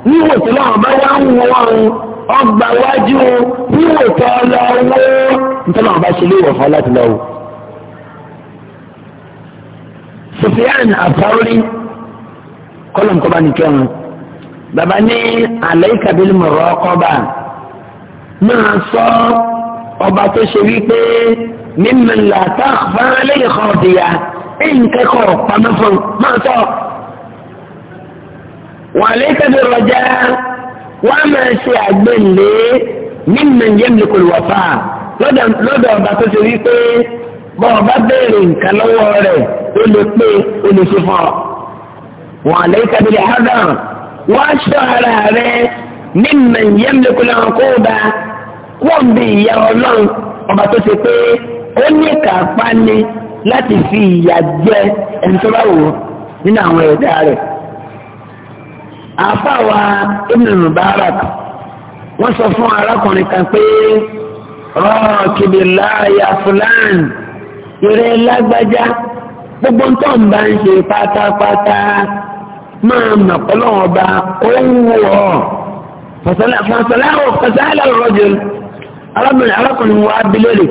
níwò tí ọlọ́ọ̀ba wá ń wù ọ́ ọgbà wájú níwò tí ọlọ́wọ́ nítorí ọlọ́ọ̀ba ṣe léwọ̀ fún láti lọ wò. Sufyan Afauri kọ́lọ̀m kọ́ba nìkan baba ní alayka bil muraqaba máa sọ ọba tó ṣe wípé mímọ̀ làtà fáńlẹ́ ìkọ̀ọ̀dìyà ẹ̀ǹkẹ́kọ̀ pamẹ́fọ́n máa tọ́. wà lẹ́tẹ̀bí rọjá wà máa ṣe àgbẹ̀lé mímọ̀ yẹ́mìlì kò wà fà lọ́dọ̀ ọba tó ti rí pé bọ́ ọba béèrè nǹkan lọ́wọ́ rẹ̀ ó lè pé ó lè ṣe fọ́. wà lẹ́tẹ̀bí rọjá wà ṣọ́ ara rẹ̀ mímọ̀ yẹ́mìlì kò lọ́wọ́ kó o bá wọ́n bí ìyá ọlọ́run ọba tó ti pé ó ní kápá ní láti fi ìyà jẹ ẹni tó bá wò ó nínú àwọn ẹ̀dá rẹ̀ wa Ibn Mubarak wọ́n sọ fún arákùnrin kan pé láàyà fúlàn gbogbo tó ń bá ń ṣe pátápátá máa mọ̀ pẹ̀lú ọba owó fọ̀sálà fọ̀sálà ò fọ̀sálà rọ̀jò arábìnrin wa bilẹ̀ rè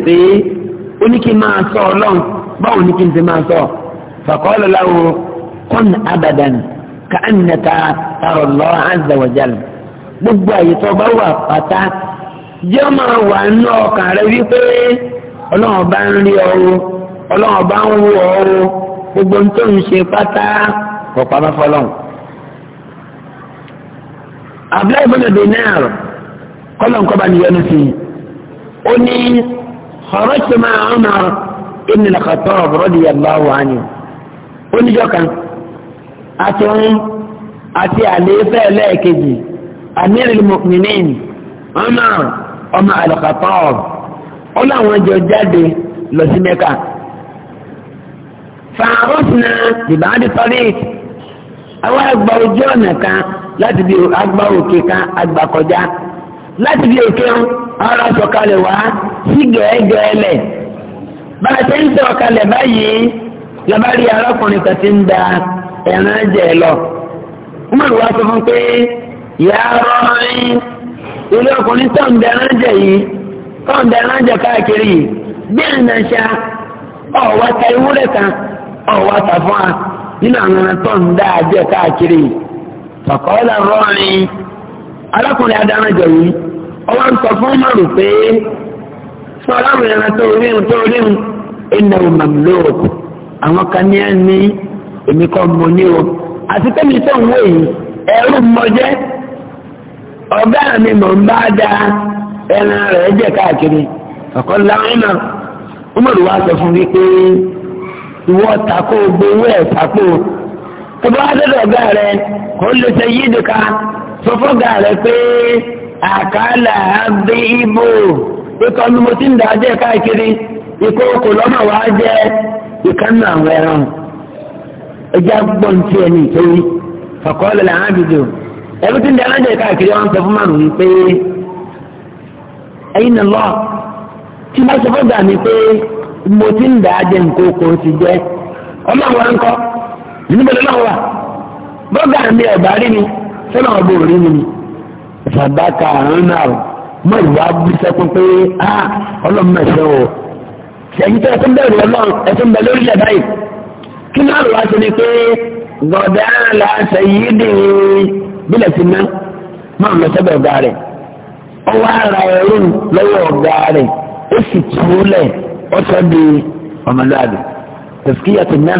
ó ní kí n máa sọ ọlọ́run báwo ní kí n ti máa sọ fàkọ́lọ́ láwo kọ́n abadan ká ẹ̀ ń ta ọ̀rọ̀ lọ́ azza wa jal gbogbo àyè tó bá wà pátá jẹ́ máa wà nínú ọkàn rẹ wípé ọlọ́run bá ń rí ọrùn ọlọ́run bá ń wú ọrùn gbogbo ń tó ń ṣe pátá kọ̀ọ̀pá bá fọlọ́run. abdullahi bọ́lá dè náà kọ́lọ̀ ń bá nìyẹn sí i ó ní kharajtu ma'a Umar ibn al-Khattab radiyallahu anhu oníjọ́ kan àti wọn àti àlééfẹ́ ẹlẹ́ẹ̀kejì amirul mu'minin Umar ọmọ al-Khattab ó láwọn jọ jáde lọ sí Mẹ́kà fàárọ̀sìnà ìbáàdì tọ́lẹ̀t àwọn àgbà ojú ọ̀nà kan láti bí àgbà òkè kan àgbà kọjá. láti bí òkè ọ̀rọ̀ sọ̀kalẹ̀ wá sí gẹ́gẹ́ lẹ̀ bá a ṣe ń sọ̀kalẹ̀ báyìí lọ́ba rí arákùnrin kan ti ń da lọ Umar wá sọ fún pé ìyá rọrin ilé ọkùnrin tó ń da ẹran jẹ yìí tó ń da ẹran jẹ káàkiri yìí bí ẹ̀nà ṣá ọ̀wá ta ewúrẹ́ kan ọ̀wá ta fún wa nínú àwọn tó ń da káàkiri alákùnrin adáranjọ yìí ọwọ́ ń sọ fún márùn pé fún aláwọ̀ ẹran tó rí ohun tó rí ohun ẹnà òmàmúlòòkù àwọn kan ní ẹni èmi kọ́ mọ ní o àti tẹ́mi tó ń wò yìí mọ́jẹ́ ọ̀gá mi mọ̀ ń bá da ẹran rẹ̀ jẹ́ káàkiri ọ̀kọ́ láwọn náà Umaru sọ tako gbowó tó bá dọ̀dọ̀ ọ̀gá rẹ̀ kó lè ṣe yídìka ibo ikọ̀ ni mo ti ń dàájẹ́ káàkiri ikọ̀ kò lọ́mọ wá jẹ́ ìkànnì àwọn ẹran ẹja wọn sọ fún ẹyin tí sọ mo ti ti ọmọ kọ. níbẹ̀lẹ̀ náà wà bọ́gà mi ọ̀bà rí mi sọ́nà ọ̀bọ̀ rí mi ni sàdáka àrùn náà mọ ìwà bísẹ̀ pé pé á ọlọ́mọ ẹ̀sẹ̀ o ṣèyí tó ẹtún bẹ̀rù ọlọ́run ẹtún bẹ̀ lórí ẹ̀ báyìí kí náà lọ́wọ́ aṣọ ni pé gọ̀dẹ́ àlà ṣèyí dì bílẹ̀ sí ná máa lọ sọ́dọ̀ ọ̀gá rẹ̀ ọwọ́ ara ẹ̀rù lọ́wọ́ ọ̀gá rẹ̀ ó sì túlẹ̀ ọ̀ṣọ́ di ọmọlúwàbí tẹ̀síkíyà náà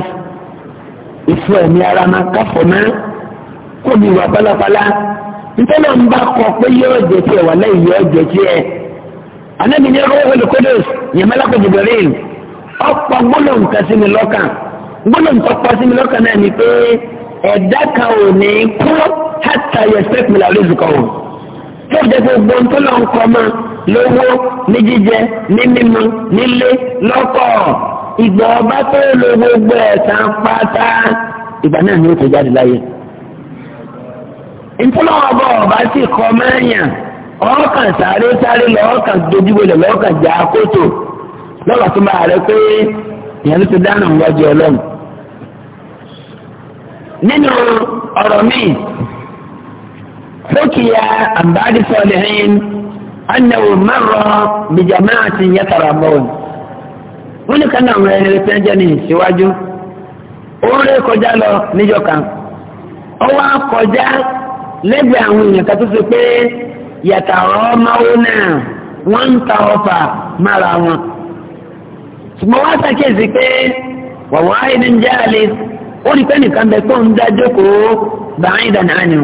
ìfọ ẹ̀mí ara máa káfọ̀ náà kó mi wà pálapàla nítorí àwọn bá kọ pé yóò jẹ tiẹ̀ wà lẹ́yìn yóò jẹ tiẹ̀ ní yẹn ọ̀pọ̀ mi ni pé ẹ̀dá kan ò ní kú hàtà yẹsẹ̀ pìlà olóòzùkọ̀ wọn tó jẹ́ gbogbo ń tó lọ ìgbà ọba tó lo gbogbo ẹ̀sán pátá ìgbà náà ni ó tó jáde láyé. ìtúlọ̀ ọba ọba sì kọ́ mẹ́yàn ọkàn sáré sáré lọ́ọ̀kàn dojúbolẹ̀ lọ́ọ̀kàn jà kótó lọ́wọ́ tó bá rẹ pé ìyẹn ló ti dáná ńlọ́jọ́ ọlọ́run. nínú ọ̀rọ̀ àbádìsọ̀lẹ̀ ẹ̀yìn wọ́n ní kánú àwọn ẹni tí wọ́n jẹ́ ní ìṣíwájú òun rẹ̀ kọjá lọ níjọ́ ọwọ́ akọjá lẹ́gbẹ̀ẹ́ àwọn èèyàn kan tó ṣe pé yàtà náà wọ́n ń ta mára wọn. ṣùgbọ́n wọ́n ṣàkíyèsí pé wàwọ́ ayélujára ń jẹ́ àlè ó rí pé nìkan bẹ tó ń dá jókòó bàáyìn dànù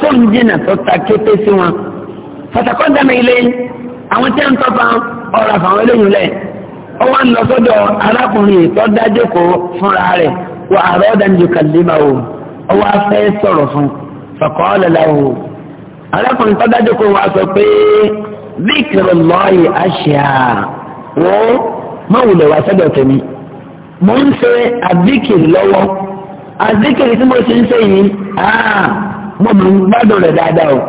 tó ń tó ta sí wọn. pàtàkó ilé àwọn tí wọ́n tọ́ ó ń lọ sọ́dọ̀ arákùnrin tó dájókòó fúnra rẹ̀ wà àrọ́dà ní kàlímà o ó wá sọ̀rọ̀ fún faqala arákùnrin tó dájókòó wá sọ pé dhikrullahi ashya wọ́n mọ̀wùlẹ̀ wá sọ́dọ̀ tèmi mo ń ṣe lọ́wọ́ tí mo ń ṣe yìí mo mọ̀ ń gbádùn rẹ̀ dáadáa o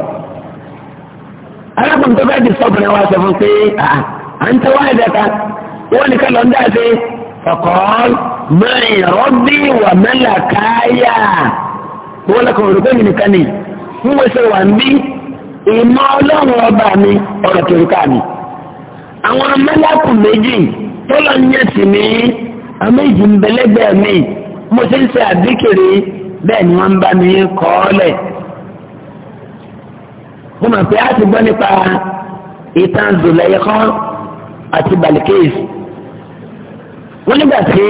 arákùnrin sọ fún pé wọ́n nìkan lọ ń dáadé ọ̀kọ́ọ́l mẹ́rin rọ́bì wà mẹ́là káyà wọ́n lọ́kọ̀ òrùkọ́ yìí nìkan ni ń wẹsẹ̀ wà ń bí ìmọ̀ ọlọ́run ọba mi ọ̀rọ̀ kẹrìkà mi àwọn mẹ́làkù méjì tó lọ ń mi mo ti ń ṣe àdíkiri bẹ́ẹ̀ ni wọ́n ń bá mi kọ́ mo mọ̀ pé a ti gbọ́ nípa ìtàn àti wọ́n nígbà tí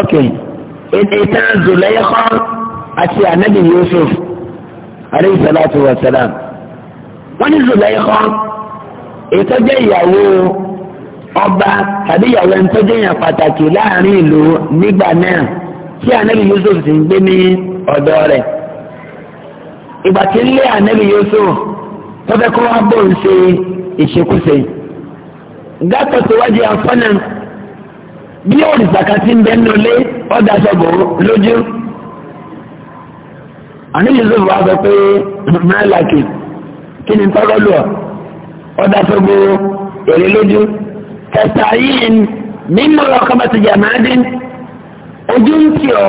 ok èdè tán Zulaykha àti anabi Yusuf aleyhi salatu wa salam wọ́n ní Zulaykha ètò jẹ́ ìyàwó ọba tàbí ìyàwó ẹni tó jẹ́ èèyàn pàtàkì láàrin ìlú nígbà náà tí anabi Yusuf ti ń gbé ní ọ̀dọ̀ rẹ̀ ìgbà tí ń lé anabi Yusuf tọ́fẹ́ kó wá bò ń ṣe ìṣekúṣe gàtọ̀ síwájú afọ́nà bí òrìṣà kan ti ń bẹ́ nínú ilé ọ̀dà sọ̀gbọ̀n lójú. àní yusuf wa sọ pé mẹ́láàkì kí ni tọ́rọ lù ọ́ ọ̀dà sọ̀gbọ̀n èrè lójú. kẹta yìí mímú ọkọ bá ti jàmádín ojú ń tì ọ́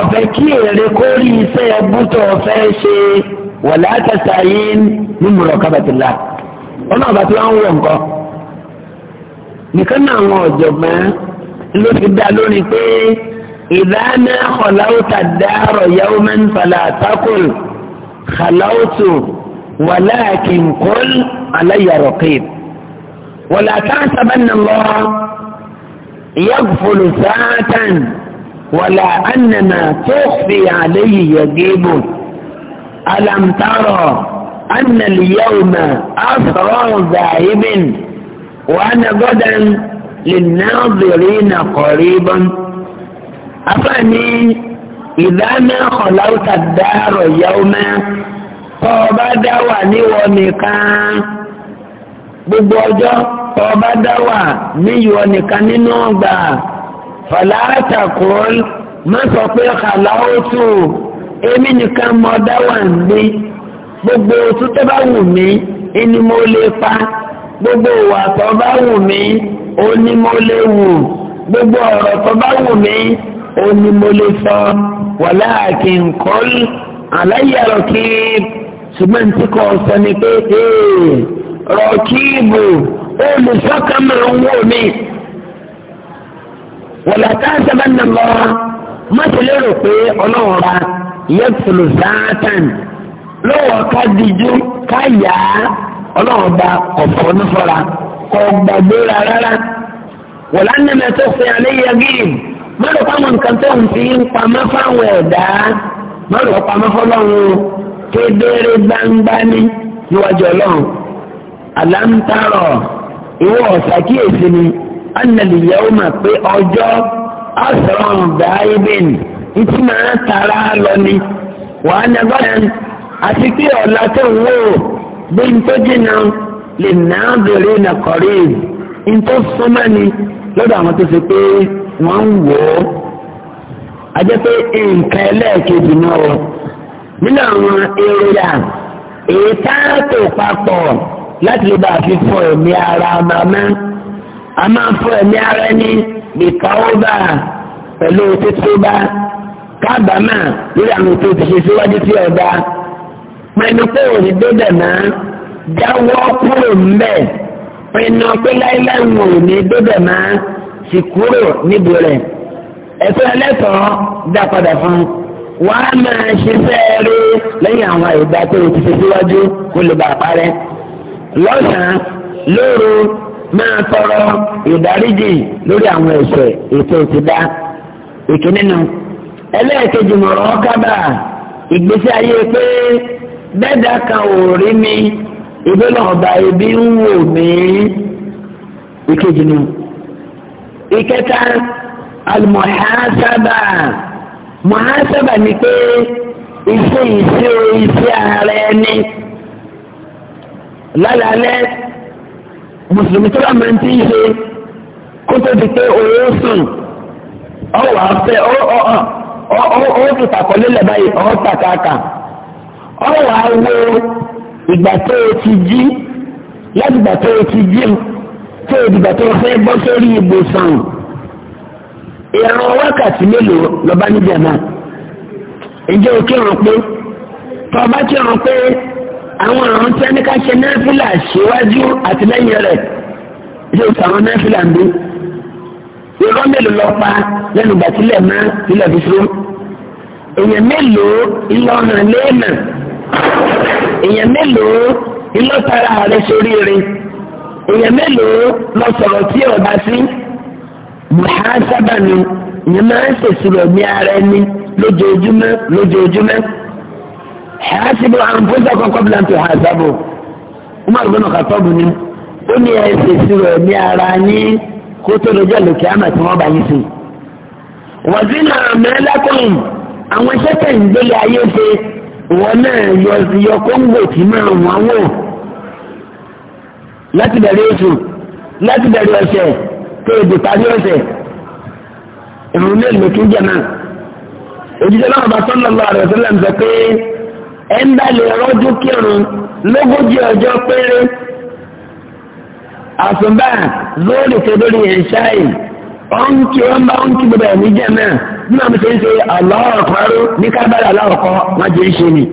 ọ̀fẹ́ kí èrè kó rí iṣẹ́ ẹ̀bùtọ̀ ṣe wọ̀lá kẹta yìí mímú ọkọ bá ti là ọ̀nà ọ̀bà tí wọ́n ń wọ̀ nǹkan nìkan náà àwọn ọ̀jọ̀gbọ́n ló fi dá lórí pé ìdáná kọ̀láwùtà dárọ̀ yawman fàlà àtàkùn kàláwùtù wàláàkìn kọ́l aláyàrọ̀kìn. wàlá tàṣàbánà lọ yàgùfòlù sáátàn wàlá ànàmà tó fi àléyìí yàgébù alamtaro annal yawma asọrọ zàhíbìn wàhánà gọ́dàn. للناظرين قريبا أفني إذا ما خلوت الدار يوما tọ́ọ̀bá dá wà níwọ nìkan gbogbo ọjọ́ tọ́ọ̀bá dá wà níyọ nìkan nínú ọgbà fàlàtàkùn má sọ pé kàláwótù èmi nìkan mọ dá wà ń gbé gbogbo òtútọ́ bá wù mí ẹni mo lè pa gbogbo ìwà tó bá wù mí ó ní mo lè wù gbogbo ọ̀rọ̀ tó bá wù mí ó ní mo lè sọ wàlá kí n kọ́ àlàyé rọ̀kì ṣùgbọ́n tí kò sọ ni pé rọ̀kì bò olùsọ́kàn ń wò mí wàlá tá sábà nà lọ mọ́tò lérò pé ọlọ́run ra yẹ́pùlù sáátàn lọ́wọ́ ká dijú ká yá á. ọlọ́run gba ọ̀fọ́ nífọ̀ra kọ́ gbàgbéra rárá wọ̀lá nílẹ̀ tó fi alẹ́ yẹ gíì mọ́lò nǹkan tó ń fi ń pamọ́ fáwọn ẹ̀dá mọ́lò pamọ́ fọlọ́run kedere gbangba ní níwájú ọlọ́run ìwọ ọ̀sàkíyèsí ni annalìyàwó mà pé ọjọ́ ọ̀sọ̀rọ̀ gbàáyébìn ìtì máa tara lọ ni wàá nàgbọ́n àti pé bí n tó jìnnà lè ná bèrè nà kọ̀rí n tó súnmọ́ ni lọ́dọ̀ àwọn tó ṣe pé wọ́n ń wò ó ajẹ́ pé nǹkan ẹlẹ́ẹ̀kejì náà wọ̀ nínú àwọn èyí tá fi fọ ẹ̀mí ara màmá a máa fọ ẹ̀mí ara ní ìkáwọ́bà pẹ̀lú títúbà kábàámà lórí àwọn tó ti ṣe síwájú tí ọ̀dà. pinnu pé òní débẹ̀ náà jáwọ́ kúrò ńbẹ̀ pinnu pé láíláí wọn òní débẹ̀ náà sì kúrò níbi rẹ̀ ẹ̀tọ́ ẹlẹ́tọ̀ọ́ dá padà fún un wàá máa ṣiṣẹ́ rí lẹ́yìn àwọn ìgbà tó o ti ṣe síwájú kó lè bàa parẹ́ lọ́sàn-án lóru máa tọrọ ìdáríjì lórí àwọn ẹ̀ṣẹ̀ ètò ìtìdá ìkíní nu ẹlẹ́ẹ̀kejì mọ̀rọ̀ kábà ìgbésí ayé pé bẹ́ẹ̀dá kan ò rí mi ọba ibi ń wò mí ìkejì ni ìkẹta almuhasaba muhasaba ni pé iṣẹ́ iṣẹ́ iṣẹ́ ara ẹni lálálẹ́ mùsùlùmí tó bá máa ń tí ń ṣe kó tó di pé òun sùn ọwọ́ àfẹ́ ó ó ó ó ó ti ọ̀wà wo ìgbà tó o ti jí láti ìgbà tó o ti jí tó o dìgbà tó o fẹ́ bọ́ sórí ibùsùn ìran wákàtí mélòó lọ́ba níbi àná ìjọ kírun pé tọ́ba kírun pé àwọn àrùn tí a ní ká ṣe náfìlà ṣíwájú àtìlẹ́yìn rẹ̀ yóò sàrán náfìlà ń bí irọ́ mélòó lọ pa lẹ́nu gbàtílẹ̀ máa tilẹ̀ fi fún èèyàn mélòó ìlọrin lẹ́ẹ̀nà èèyàn mélòó ìlọ́tara rẹ̀ sórí rẹ̀ èèyàn mélòó lọ sọ̀rọ̀ tí ọ̀dà sí sábà ìyẹn máa ń ṣèṣirò ní ara ẹni lójoojúmọ́ lójoojúmọ́ sí bụ àwọn fúnṣẹ́ bí hà sábò ni ó ní ẹ ṣèṣirò ní ara ní kó tó lọ́jọ́ lòkè àmà tí wọ́n bá yín sí. wọ́n wọn náà yọ yọ kóńgò tí máa wọ́n wọ̀ láti bẹ̀rẹ̀ oṣù láti bẹ̀rẹ̀ ọ̀sẹ̀ tó o dè parí ọ̀sẹ̀ ìrùn náà lè tún jẹ náà òjijì náà bá sallallahu alaihi wasallam ń sọ pé ẹ ń bá rọ́jú kírun lógójì ọjọ́ péré àsùnbà lórí tẹ́lórí ẹ̀ṣáì ọ̀nkì ọ̀nbà ọ̀nkì gbọdọ̀ ẹ̀mí jẹ́ náà nínú àmì ṣe ń ṣe aláwọ̀ kan rú ní kábàlì aláwọ̀ kan wọ́n jẹ́ ṣe ni.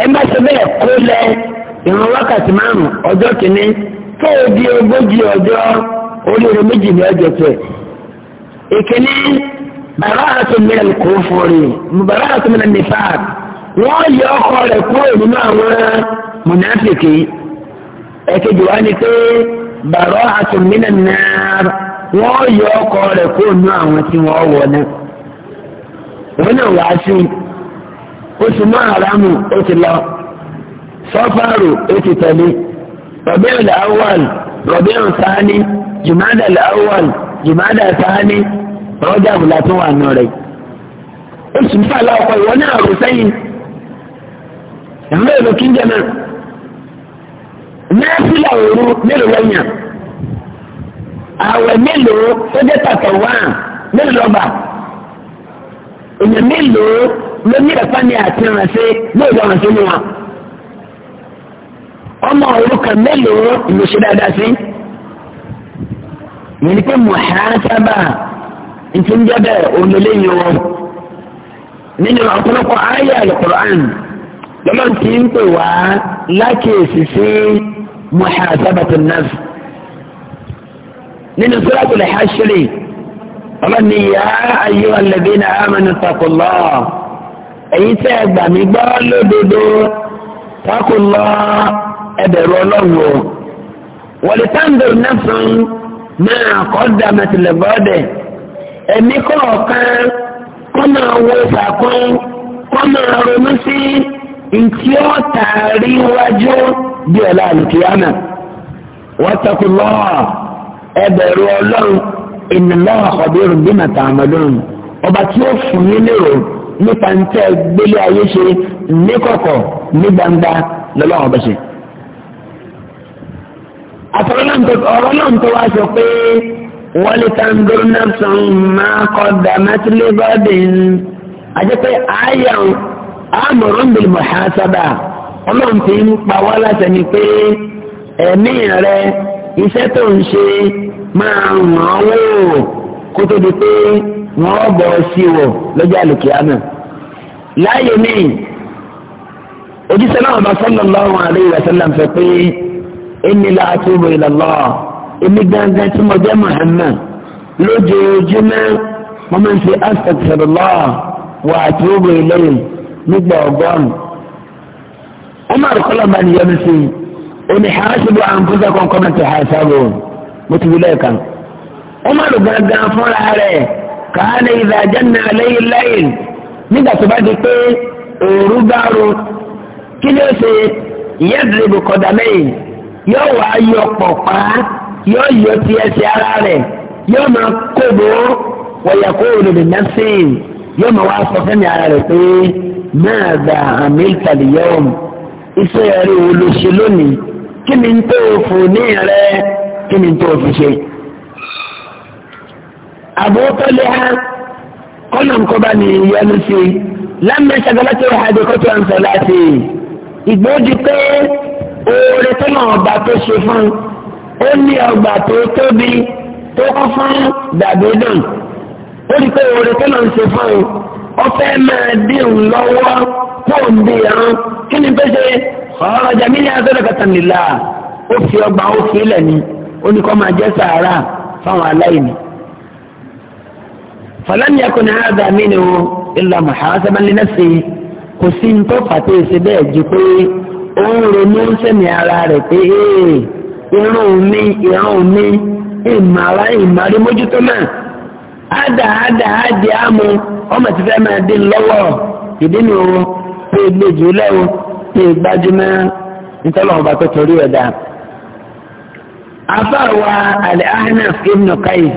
ẹ má ṣe bẹ́ẹ̀ kó lẹ ìrun wákàtí márùn-ún ọjọ́ kìíní tó o di ogójì ọjọ́ oríire méjì ní ọjọ́ tẹ̀. ìkíní bàbá àtúnmílẹ̀ kò fòrè bàbá àtúnmílẹ̀ nífà wọ́n yọ ọkọ rẹ̀ kúrò nínú àwọn mùnáfìkì ẹ̀kejì wá ni pé bàbá àtúnmílẹ̀ náà wọ́n yọ ọkọ rẹ̀ kúrò nínú àwọn tí wọ́n wọ̀ náà wọn náà wá sí oṣù márùn-ún ó ti lọ sọfàrù ó ti tẹ̀lé rọ̀bíọ̀ làwọn rọ̀bíọ̀ sáání jùmọ́dà làwọn jùmọ́dà sáání rọ́jà bùlá tó wà nù rẹ̀ oṣù mẹ́fà láwọ́kọ̀ ìwọ náà rò sẹ́yìn ẹ̀mọ́ èlò kí ń jẹ náà èèyàn mélòó ló ní ẹ̀fá ni àti ìrànṣẹ́ ló ìwọ ìrànṣẹ́ ni wọn. ọmọ òrukàn mélòó ló ṣe dáadáa sí. yẹn ni pé muhasaba ntí ń jẹ́ bẹ́ẹ̀ onílẹ̀yìn wọn. nínú ọ̀pọ̀lọpọ̀ ayé alukur'an lọ́lọ́ ti ń pè wá lákèésì sí muhasabatu nafs. nínú suratul Hashr ọlọ́run ni yá ayé ọlẹ́bí náà amẹ́nu takùlọ́ èyí tẹ́ ẹ gbà mí gbọ́ lódodo takùlọ́ ẹbẹ̀rù ọlọ́run o wọ̀lẹ̀ táǹdọ̀ nẹ́sàn náà kọ́ da mẹ́tìlẹ̀ bọ́ọ̀dẹ̀ ẹ̀mí kọ̀ọ̀kan kọ́ máa wọ ìfàkún kọ́ máa ronú sí ntí ó tààrí wájú bí ọ̀la àlùkìyàmà wọ́n takùlọ́ ẹbẹ̀rù ọlọ́run ìnìlọ́wọ́ àkọ́bẹ̀rún bí màtà àmọ́dún ọba tí ó fún yín lérò nípa ń tẹ́ gbélé ayé ṣe níkọ̀kọ̀ ní gbangba lọ́lọ́wọ́ bá ṣe. ọ̀rọ̀ náà tó wá sọ pé wọ́n lè ta ń dúró náà sàn máa kọ́ dàmátìlé bọ́ọ̀dìn àti pé àyà àmọ̀ràn bìlì mọ̀hásábà ọlọ́run ti ń pa wá láti ẹni pé ẹ̀mí rẹ̀ iṣẹ́ tó ń ṣe máa ràn án wò kó tó di pé wọ́n bọ̀ sí wọ̀ lọ́jọ́ àlùkìyàmù. láàyè mi òjíṣẹ́ náà bá sallallahu alaihi wa sallam fẹ́ pé inni la atubu ila Allah èmi gangan tí mo jẹ́ Muhammad lójoojúmọ́ mo máa ń fi astaghfirullah wa atubu ilayhi nígbà ọgọ́rùn-ún. Umar kọ́lọ́ bá niyọ́nu sí i oni hasibu anfusa kan kọ́mọ̀ tó hasabu mo ti wulẹ̀ kan. umaru gangan fúnra rẹ̀ kàánà ìdájánná lẹ́yìn lẹ́yìn nígbà tó bá di pé òru bá ro kí ló ṣe yẹ́dìrìbù kọ̀dà lẹ́yìn yóò wá yọ pọ̀pá yóò yọ ti ẹsẹ̀ ara rẹ̀ yóò máa kóbo wọ̀yà kó o yóò máa wá sọ fẹ́mi ara rẹ̀ pé máa gba àmì ìtàlẹ̀ iṣẹ́ rẹ̀ wo lónìí kí ni tó fò ní rẹ kí ni tó fi ṣe. àbótọ́lẹ́ ha kọ́nà ńkọ́ bá ní yẹnu sí i lámẹ́ ṣàgbọ́látì ọ̀hádé kọ́tù àǹsọ̀ láti ìgbódi pé oore tó náà ọba tó ṣe fún ó ní ọgbà tó tóbi tó kún fún dàbí dùn ó rí pé oore tó náà ń ṣe fún ọ fẹ́ máa dín lọ́wọ́ kó ń bí ẹran kí ni pé ṣe ọ̀rọ̀ jàmí ní asọ́dọ̀kọ̀tàn nílá ó fi ọgbà ó fi ilẹ̀ ni ó ní kọ́ máa jẹ́ sàárà fáwọn aláìní. fọlọ́ni ẹ̀kọ́ ni àádọ́ mi ni o ìlà mùhàmásẹ́bá ní nẹ́sì kò sí ní tó fàtó ìṣe bẹ́ẹ̀ ju pé ó ń ronú sẹ́mi ara rẹ̀ pé irun mi irun mi ìmàrá ìmàrí mójútó náà ádà ádà ádì ámu ọmọ ti fẹ́ máa dín lọ́wọ́ ìdí ni o. pé gbèjì lẹ́wọ̀ pé gbajúmọ́ ntọ́lọ́wọ́ tó torí ẹ̀dá. afáwa alẹ́ ahnaf ibn qais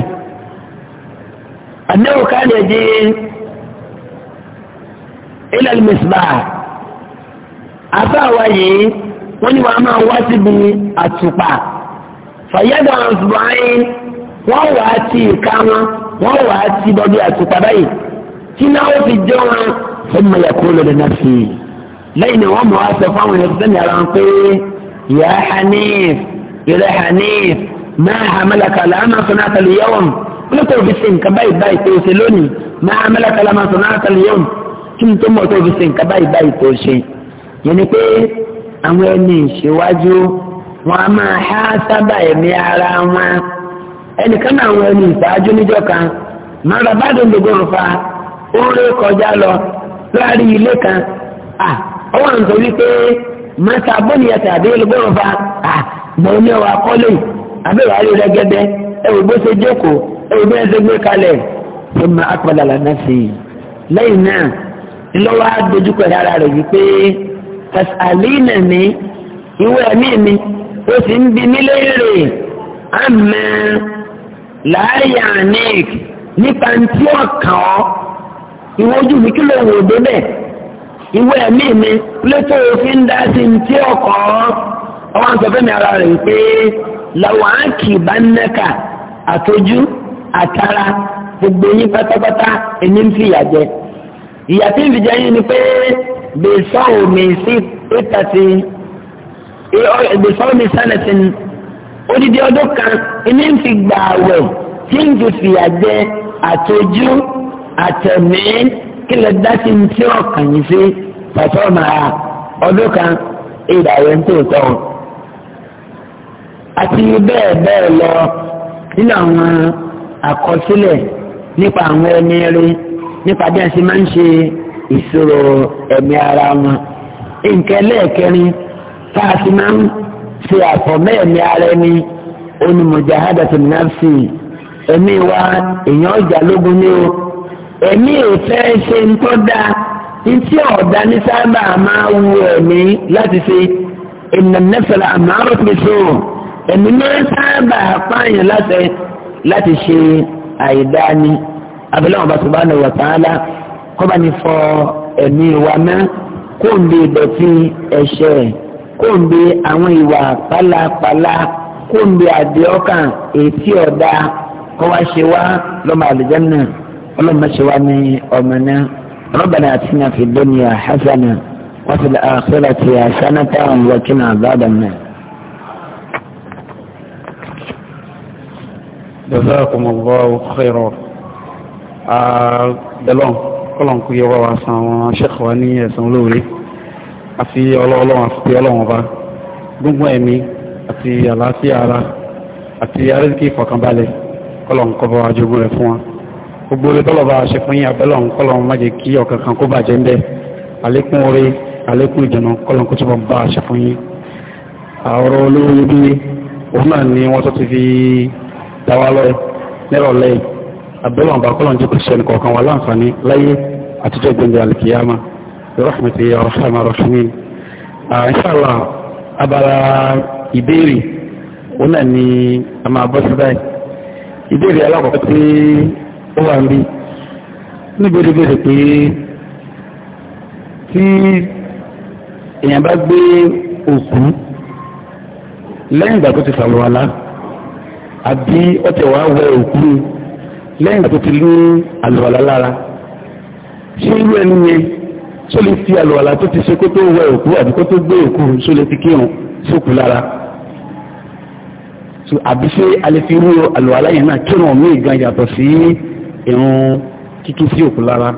àdéhùn káàdì di ilẹ̀ misbah afáwa yìí wọ́n ní wàá máa wá síbi àtùpà wọ́n wàá ti ìka wọn wọ́n wàá ti bọ́ bí àtùpà báyìí náà ó fi jẹ́ wọn. fún mi yàkó lóde náà sí i lẹ́yìn ni wọ́n mọ̀ wá sọ fáwọn ènìyàn tó ní ara wọn pé yà á hanif yẹlẹ hanif máa hamalaka làánà sọ náà tẹ̀lé yẹwọ̀n wọ́n tó fi ṣe nǹkan báyìí báyìí tó ṣe lónìí máa hamalaka làánà sọ náà tẹ̀lé yẹwọ̀n kí ni tó mọ̀ tó fi ṣe nǹkan báyìí báyìí tó ṣe yẹn ni pé àwọn ẹni ìṣèwájú wọn a máa há sábà ẹ̀mí ara wọn ẹnìkan náà àwọn ẹni ìṣáájú níjọ́ kan máa rà bá dòdò gbòòrò fa ó ré kọjá lọ láàrí ilé kan à ọwọ́ à ń mẹ́ta bóniyàtà àbí olùgbòròfà à mọ̀ ní ọwọ́ akọ́lé àbẹ̀wò àrí rẹ́gẹ́dẹ́ ẹ̀wò bó ṣe jókòó ẹ̀wò bí wọ́n gbé kalẹ̀ ọmọ akpọ̀lá lànà sí i lẹ́yìn náà ńlọ́wọ́ adójúkọ̀ rárá rẹ̀ wípé tàṣàlínà ní ìwé ẹ̀mí mi ó sì ń bi mí léèrè àmọ́ láàyè àníkì nípa ntí ọ̀kàn ọ́. ìwọ ojú mi kí ló wò débẹ̀ ìwọ ẹ̀mí mi plétò òfin dá sí ní tí ọkọ̀ ọwọ́n sọ fẹ́mi ara rẹ̀ pé làwọn àkì bá ń nẹ́ka àtọ́jú àtara gbogbo yín pátápátá ẹni ń fi ìyà jẹ ìyà tí ń fi jẹ yín ni pé bèsọ́ omi sí pétàtì bèsọ́ omi sánẹ̀tì odidi ọdún kan ẹni ń fi gbà àwẹ̀ tí ń fi ìyà jẹ àtọ́jú. àtẹ̀mí kílẹ̀ dátì ń tí ọ̀kàn yìí sí pàtọ́ọ̀mù àrà ọdún kan ìdàwẹ̀ ń tòótọ́ àti bẹ́ẹ̀ bẹ́ẹ̀ lọ nínú àwọn àkọsílẹ̀ nípa àwọn ẹni rí nípa bí a ṣe máa ń ṣe ìṣòro ẹ̀mí ara wọn nǹkan lẹ́ẹ̀kẹrin tá a ti máa ń ṣe ara ẹni èmi ò fẹ́ ṣe nǹkan dáa ntí ọ̀dà ní sábà máa wu ẹ̀mí láti ṣe ìnànẹ́fẹ̀lẹ̀ àmàrò pèsè ẹ̀mí máa sábà pààyàn láti láti ṣe àìdáni abẹ́lẹ́ wọn bá tó bá lọ wọ̀ tààlà kọ́ba ní fọ ẹ̀mí wa mẹ́ kó ń bi ìdọ̀tí ẹ̀ṣẹ̀ kó ń bi àwọn ìwà pálapàla kó ń bi àdéhọ́kàn ètí ọ̀dà kọ́wá ṣe wá lọ́mọ àlùjànnà ọlọ́mọṣẹ́wá ní ọmọ náà ربنا اتنا في الدنيا حسنة وفي الآخرة حسنة وقنا عذاب النار jazakum الله khairan belong kọlọ̀n kú yẹwà wá san àwọn ṣẹ́kọ̀ wá ní ẹ̀sán olóore àti ọlọ́ọ̀lọ́wọ̀n àti ọlọ́wọ̀n bá gbogbo ẹ̀mí àti àlàáfíà ara àti arísíkì ìfọ̀kànbalẹ̀ kọlọ̀n kọ́ bá wá jogún rẹ̀ fún wa gbogbo orí tọ́lọ̀ bá ṣe fún yín abẹ́lọ̀ ń kọ́lọ̀ má jẹ́ kí ọ̀kan kan kó bàjẹ́ ń bẹ́ àlékún orí àlékún ìjọ̀nà kọ́lọ̀ kó túbọ̀ bá ba fún yín ọ̀rọ̀ olówó ibi òun náà ni wọ́n tó ti fi dáwà lọ nírọ̀lẹ́ abẹ́lọ̀ ń bá kọ́lọ̀ ń jẹ́ wà láǹfààní láyé àtijọ́ ìgbìndì alìkìyàmá rahmatulahi rahman rahimin inṣàlá abala ìbéèrè òun náà ni a máa bọ́ sí báyìí ìbéèrè alákọ̀ọ́kọ́ tí ó wà ń bí níbèrèbèrè pé tí èèyàn bá gbé òkú lẹ́yìn ìgbà tó ti sàlùwàlá àbí ọ̀tẹ̀ wàá wẹ òkú lẹ́yìn ìgbà tó ti ní àlùwàlá lára ṣé irú ẹni yẹn tó lè fi àlùwàlá tó ti ṣe kó tó wẹ òkú àbí kó tó gbé òkú tó lè fi kírun sókù lára àbí ṣé a lè fi irú àlùwàlá yẹn náà kírun míì gan yàtọ̀ sí ìrun kíkí sí òkú lára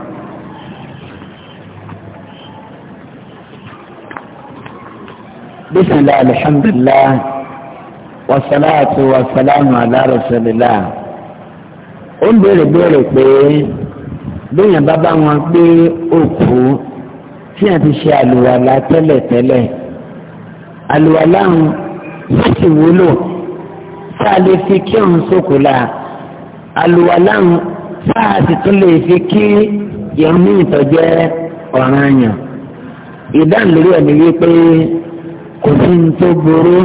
bísílá alhamdulillah wasalaatu wasalaamu ala rasulillah ó ń béèrè béèrè pé bóyá bàbá wọn gbé òkú tí a ti ṣe àlùwàlá tẹ́lẹ̀tẹ́lẹ̀ àlùwàlá ń sì wúlò tá a lè fi kí òun sókòlá àlùwàlá ń tá a sì tún lè fi kí ìrún ìtọ́jẹ́ ọ̀ranyàn. ìdánilórí ẹ̀ ni wípé kò sí ní tó burú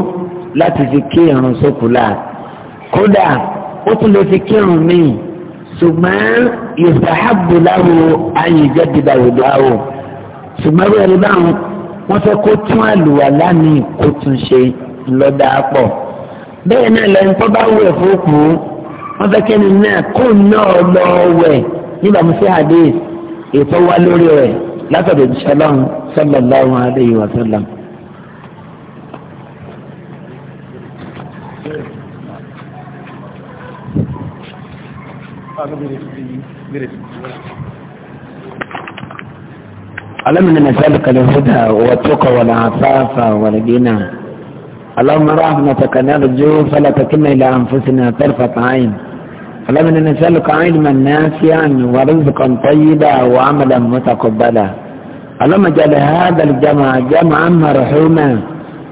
láti fi kí ìrún sókùlà kódà ó tún lè fi kí ìrún míì ṣùgbọ́n ìsàhábù láwo àyìnjẹ́ dídáwòdò àwò ṣùgbọ́n bí ẹni báwọn wọ́n fẹ́ kó tún àlùwà lánìí kó tún ṣe lọ́dà pọ̀ bẹ́ẹ̀ náà lẹ́yìn tó bá wù ẹ̀ fún òkú wọ́n fẹ́ kẹ́ni náà kó náà lọ wẹ̀ nígbà mo ṣe hadith ètò wa lórí rẹ̀ látọ̀dọ̀ ìṣẹ́lọ́run sallallahu alayhi wa sallam. اللهم نسألك الهدى والتقى والعفاف والغنى اللهم رحمتك نرجو فلا تكلنا إلى أنفسنا طرفة عين اللهم إنا نسألك علما نافعا ورزقا طيبا وعملا متقبلا اللهم اجعل هذا الجمع جمعا مرحوما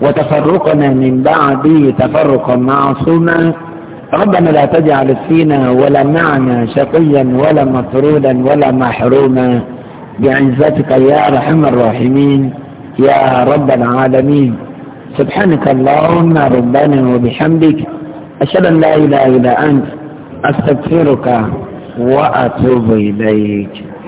وتفرقنا من بعده تفرقا معصوما ربنا لا تجعل فينا ولا معنا شقيا ولا مطرودا ولا محروما بعزتك يا ارحم الراحمين يا رب العالمين سبحانك اللهم ربنا وبحمدك أشهد أن لا إله إلا أنت أستغفرك وأتوب إليك